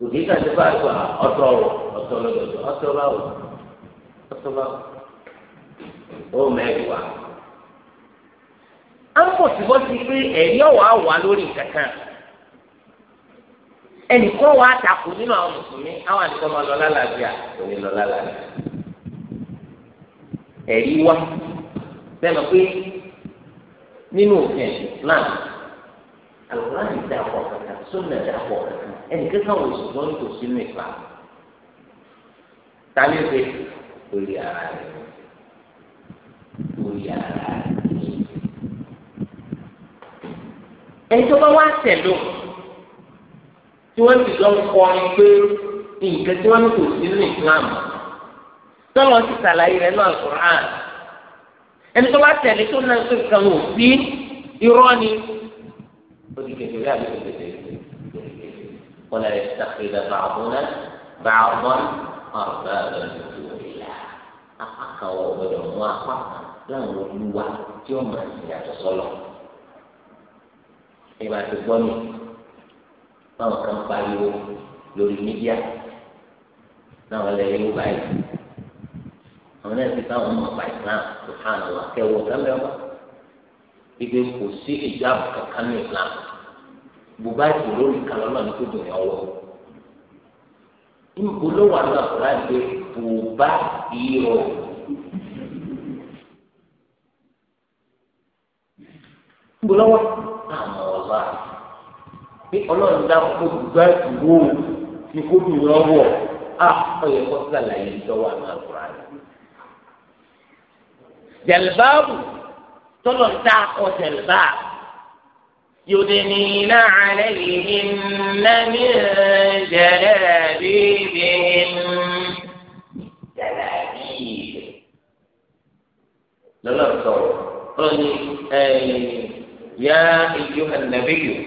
òkè kàṣẹ bá àgbà ọ̀tọ̀ ọwọ ọ̀tọ̀ lọdọdọ wa a ń pọ̀ síbọ̀ sí pé ẹ̀rí ọ̀wà wà lórí kankan ẹnìkan wà á nínú àwọn mùsùlùmí àwọn àdìgbọ́n máa lọ lálàáfíà lọ lálàáfíà ẹ̀rí wá bẹ́ẹ̀ mọ̀ alukurani da akọ kankan sunna da akọ kankan ẹnì eh, kankan wò ṣùgbọ́n ní kò sínú ìfà tani pe orí ara rẹ orí ara rẹ ẹni tó bá wá tẹ̀lé o tí wọ́n ti lọ kọrin pé nǹkan tí wọ́n ní kò sínú ìfúnàmù tọ́lọ́ ti sàlàyé rẹ̀ náà kùrán ẹni tó bá tẹ̀lé tó náà tó kàn ó sí irọ́ ni. ودي كثير لا يوجد كثير ولا يتخذ بعضنا بعضا أربابا من دون الله أحقا وأبدا موافقا لا ولوا يوم أن يتصلوا ìgbà tó gbọ́ mi báwọn kan pariwo lórí mídíà náà lẹ́yìn báyìí àwọn náà ti táwọn ọmọ ọba islam subhanahu wa kẹwọ sábẹ́ ọba gbígbé kò sí ìjáàbù kankan ní islam bùbá ìṣòro nìkan lọ́nà ní kò dùn yàn wọ. níbo ló wà náà kúrò àgbẹ̀ bùbá ìrọ̀. níbo lọ́wọ́ àmọ́ ọ̀la bí ọlọ́run dá kó bùbá ìṣòro ní kò dùn yàn wọ̀ á ọ̀yẹ̀ kó sàlàyé ìjọba náà kúrò àgbẹ̀. jẹ̀lbáàbù tọ́lọ̀ ta akọ jẹ̀lbáàbù. يدنين عليهن من جلابيبهن جلابيب لما قال يا أيها النبي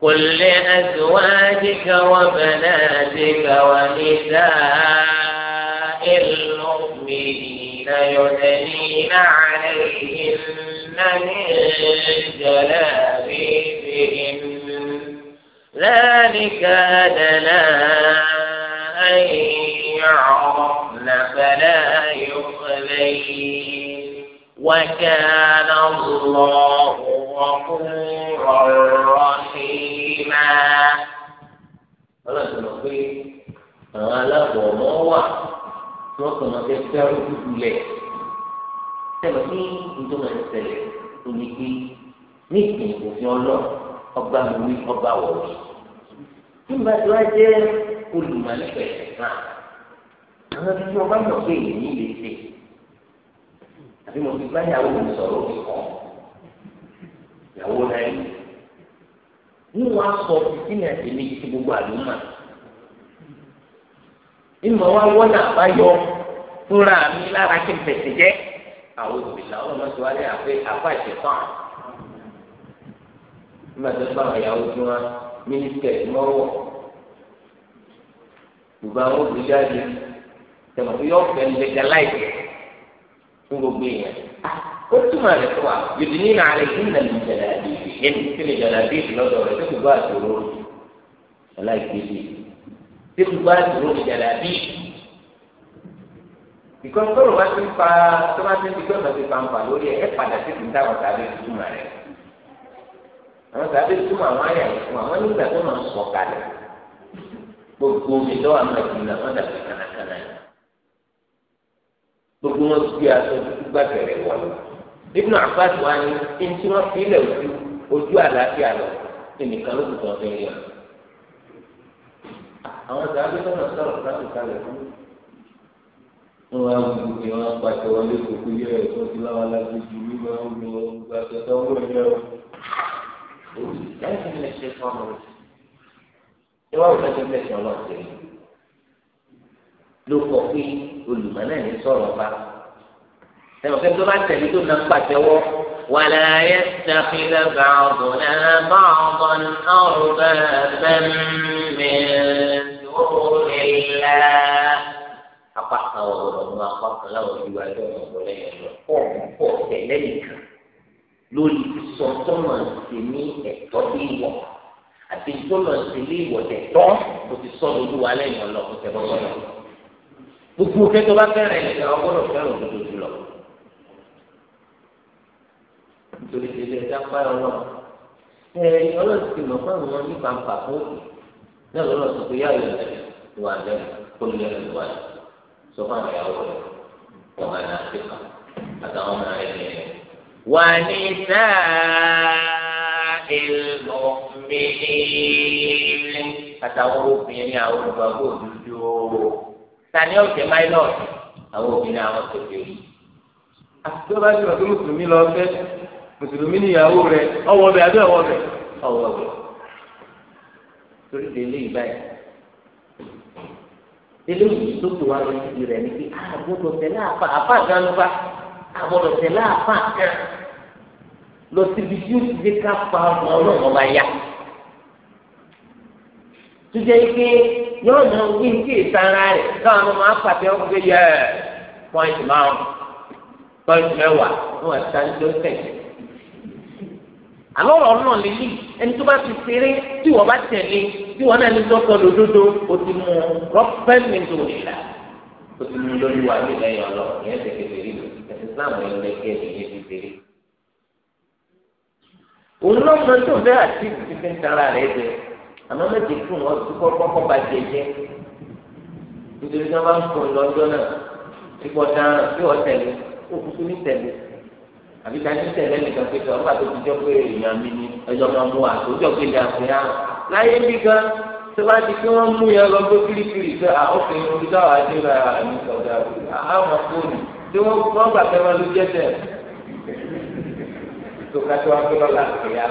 قل لأزواجك وبناتك ونساء المؤمنين يدنين عليهن من جلابيبهن ذلك أدنى أن يعرفن فلا يخذين وكان الله غفورا رحيما. Ọlọ́run ló pé àwọn tí wọ́n kàn máa fẹ́ fẹ́ ojúdu lẹ̀ tẹ̀lé ní ìjọba ìṣẹ̀lẹ̀ tó ní pé ní ìpín òfin ọlọ́ ọgbà mi wí ọgbà wọ̀ wí. nígbà tí wọ́n jẹ́ olùmọ̀lẹ́fẹ̀ náà àwọn tí wọ́n bá mọ̀ pé èyí lè ṣe àbí mo fi báyàwó mi sọ̀rọ̀ mi kàn ìyàwó náà yìí. níwọ̀n aṣọ títí ní àtẹ̀mí ti gbogbo àlùmọ̀ ìmọ̀ wa wọ́nà àbáyọ fúnra mi lára kí n fẹ̀sẹ̀ jẹ́ àwọn òbílà ọlọ́mọdé wa lé àfẹ́ àfà ìṣẹ̀tàn nígbà tó bá àwọn ìyàwó tí wọn mínísítẹ̀tì mọ́wọ́ gbogbo àwọn obìnrin jáde tẹ̀mọ̀ tó yọ ọ̀fẹ́ lẹ́gàláìsì fún gbogbo èèyàn ó túmọ̀ rẹ̀ fún wa yòtí nínú àlẹ́ yìí nà lè jẹ̀lá àdéhìí ẹni tí lè jẹ̀lá àdéhìí lọ́dọ̀ rẹ̀ tó gbogbo àtòrò aláìkéde yìí tẹ́tù bá dúró ìjàdá bí. ìkọ́ni tó lọ́wọ́ ti ń fa tó bá ti ń dikọ́ náà ti fa ń fa lórí ẹ̀ ẹ́ padà sí ìdá àwọn tàbí ìtumọ̀ rẹ̀. àwọn tàbí ìtumọ̀ àwọn àyà yẹn fún àwọn nígbà tó máa ń sọ kalẹ̀ gbogbo omi lọ́wọ́ àwọn ìdílé àwọn dàbí kànákànná yẹn. gbogbo wọn gbé aṣọ títí gbàgbẹ̀rẹ̀ wọ̀ lọ. Ibn Abbas wa ni ẹni tí wọ́n fi ilẹ̀ ojú ojú àlàáfíà lọ ẹnìkan ló ti tọ́ àwọn sàbí tó náà sọ̀rọ̀ láti kalẹ̀ fún wọn wá wù pé wọn pàṣẹ wọlé kókó yẹ ẹ tó ti láwa láti ju wíwá wúlò gba tẹtẹ wúlò yẹ o. láti ilé ṣe fún ọmọ rẹ ṣé wàá wùdá tó ń tẹ̀sán lọ sí i ló kọ pé olùmọ̀ náà ní sọ̀rọ̀ bá ẹ̀wọ̀n kẹ́kẹ́ tó bá tẹ̀lé tó náà pàṣẹwọ́ wàlá ayé sàfihàn bàbá ọ̀dọ̀ náà bá ọ̀dọ̀ náà ọ̀rọ̀ bẹ́ẹ̀ bẹ́ẹ̀ mẹ́rin yá apá kan ọ̀rọ̀ nu apá kan láwọn olùwà ẹjọ́ ọ̀rọ̀ lẹ́yìn ọ̀rọ̀ pọ̀ pọ̀ tẹ̀lé nìkan lórí sọtọ́nà sí ní ẹ̀tọ́ bí wọ̀ àti sọtọ́nà sí ní ìwọ̀tẹ̀ tọ́ kò ti sọ olúwa lẹ́yìn ọ̀rọ̀ kò tẹ̀ bọ́sọ̀ lọ. gbogbo kẹ́tọ́ bá fẹ́ràn ẹ̀ lẹ́yìn ọgbọ́dọ̀ fẹ́ràn òdodo jùlọ. nítorí tẹ̀lé ẹja páyọ̀ náà ẹ̀ẹ́dì ọlọ́sìn mọ̀ fáwọn oníkàǹpà fún òkè náà lọ́nà tó yá ìrẹ̀lẹ̀ وأن كل الأزواج سبحان يا رب ومناسكها أتهم عليه ونساء المؤمنين أتهم ربي يا رب وجوده ثاني يوم جمايلون àwọn obìnrin àwọn tòkè yìí. àti tó bá ti wà pé mùsùlùmí lọ fẹ́ mùsùlùmí níyàwó rẹ̀ ọwọ́ bẹ̀ àbí ọwọ́ bẹ̀ ọwọ́ bẹ̀. torí lè lé ìbáyìí eléyìí tó tó wá lọ síbi rẹ̀ ni pé àgbọ̀dọ̀ ah, tẹ̀lé àfa àfa ìdánilọ́fà àgbọ̀dọ̀ tẹ̀lé àfa kan lọ síbi tí ó ti dé ká pa ọmọ ọlọ́run ọba ya tó jẹ́ pé yọ̀ọ́ mọ wí ní ìsara rẹ̀ káwọn ọmọ máa pàtẹ ọkùnrin pé yẹ pọ́ìntì márùn-ún pọ́ìntì mẹ́wàá wọ́n wà tó tẹ̀lé àmọ́ ọ̀rọ̀ náà lè yí ẹni tó bá ti ṣeré tí wọ́n bá tẹ̀lé tí wọ́n náà ní sọ́kọ́ lódodo o ti mú rọ́pẹ́mì tó lè o ti mú lórí wa ní lẹ́yìn ọ̀lọ́ ìyẹn tẹ̀lé fèrè lò ẹ̀sìn sáàmù ẹ̀ lẹ́kẹ́ ìyẹn ti fèrè. òun náà mọ tó fẹ́ àti fífi ń tara rẹ̀ jẹ àmọ́ méjì fún wọn tó kọ́kọ́ bá jẹ jẹ nítorí tí wọ́n bá ń kọ́ lọ́jọ́ náà àbí ta ní tẹ̀lé nìkan pé sọ nígbà tó ti jọ pé èèyàn mi ni ẹjọ́ máa mú àtòjọ́ pé ìdá fún yàrá láyé bí gan tó bá di pé wọ́n mú yẹn lọ gbé kirikiri sọ àófin orí táwọn adé ra àmì sọ̀dọ̀ àwọn fóònù tí wọ́n gbà fẹ́ wọn ló jẹ́ tẹ̀ tó ká tó wá yàrá.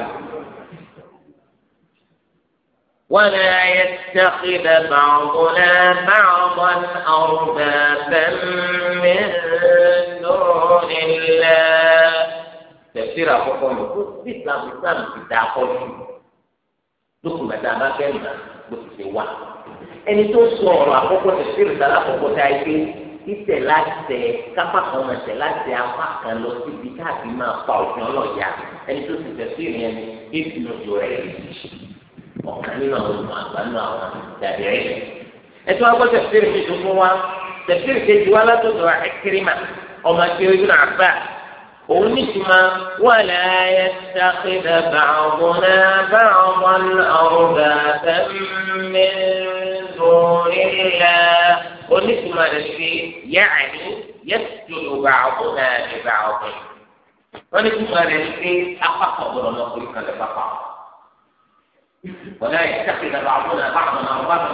ولا يتخذ بعضنا بعضا أربابا من دون الله تفسير أخوكم يقول الإسلام الإسلام تداخل لكم أتابع كلمة بسيطة ẹni tó sọ ọ̀rọ̀ àkọ́kọ́ tẹ̀síìrì sára àkọ́kọ́ tá a gbé títẹ̀ láti kápá kan máa tẹ̀ láti apá kan lọ síbi káàkiri máa pa òfin ọlọ́ọ̀yà ẹni tó sì tẹ̀síìrì yẹn ní ìbùnú jọ rẹ̀ yìí ọ̀kan nínú àwọn olùmọ̀ àgbà nínú àwọn tàbí ẹ̀. ẹ tún wá gbọ́ tẹ̀síìrì mi tuntun wá tẹ̀síìrì kejì wá látọ̀dọ̀ ẹ̀kírímà ọmọ akéré ibùdó àbá òun ní ìtumọ̀ wà láyé sáfìdà bàbọ̀n bàbọ̀n ọ̀rọ̀dà tẹ̀mí lórílẹ̀ onítumọ̀ rẹ̀ fi yáàní yẹ́sùlù bàbọ̀n bàbọ̀n wọ́n ní ìtumọ̀ rẹ̀ fi apá kọ̀ọ̀bọ̀n ọmọkùnrin kan lè bá pa ọ́. ولا يتخذ بعضنا بعضا أربابا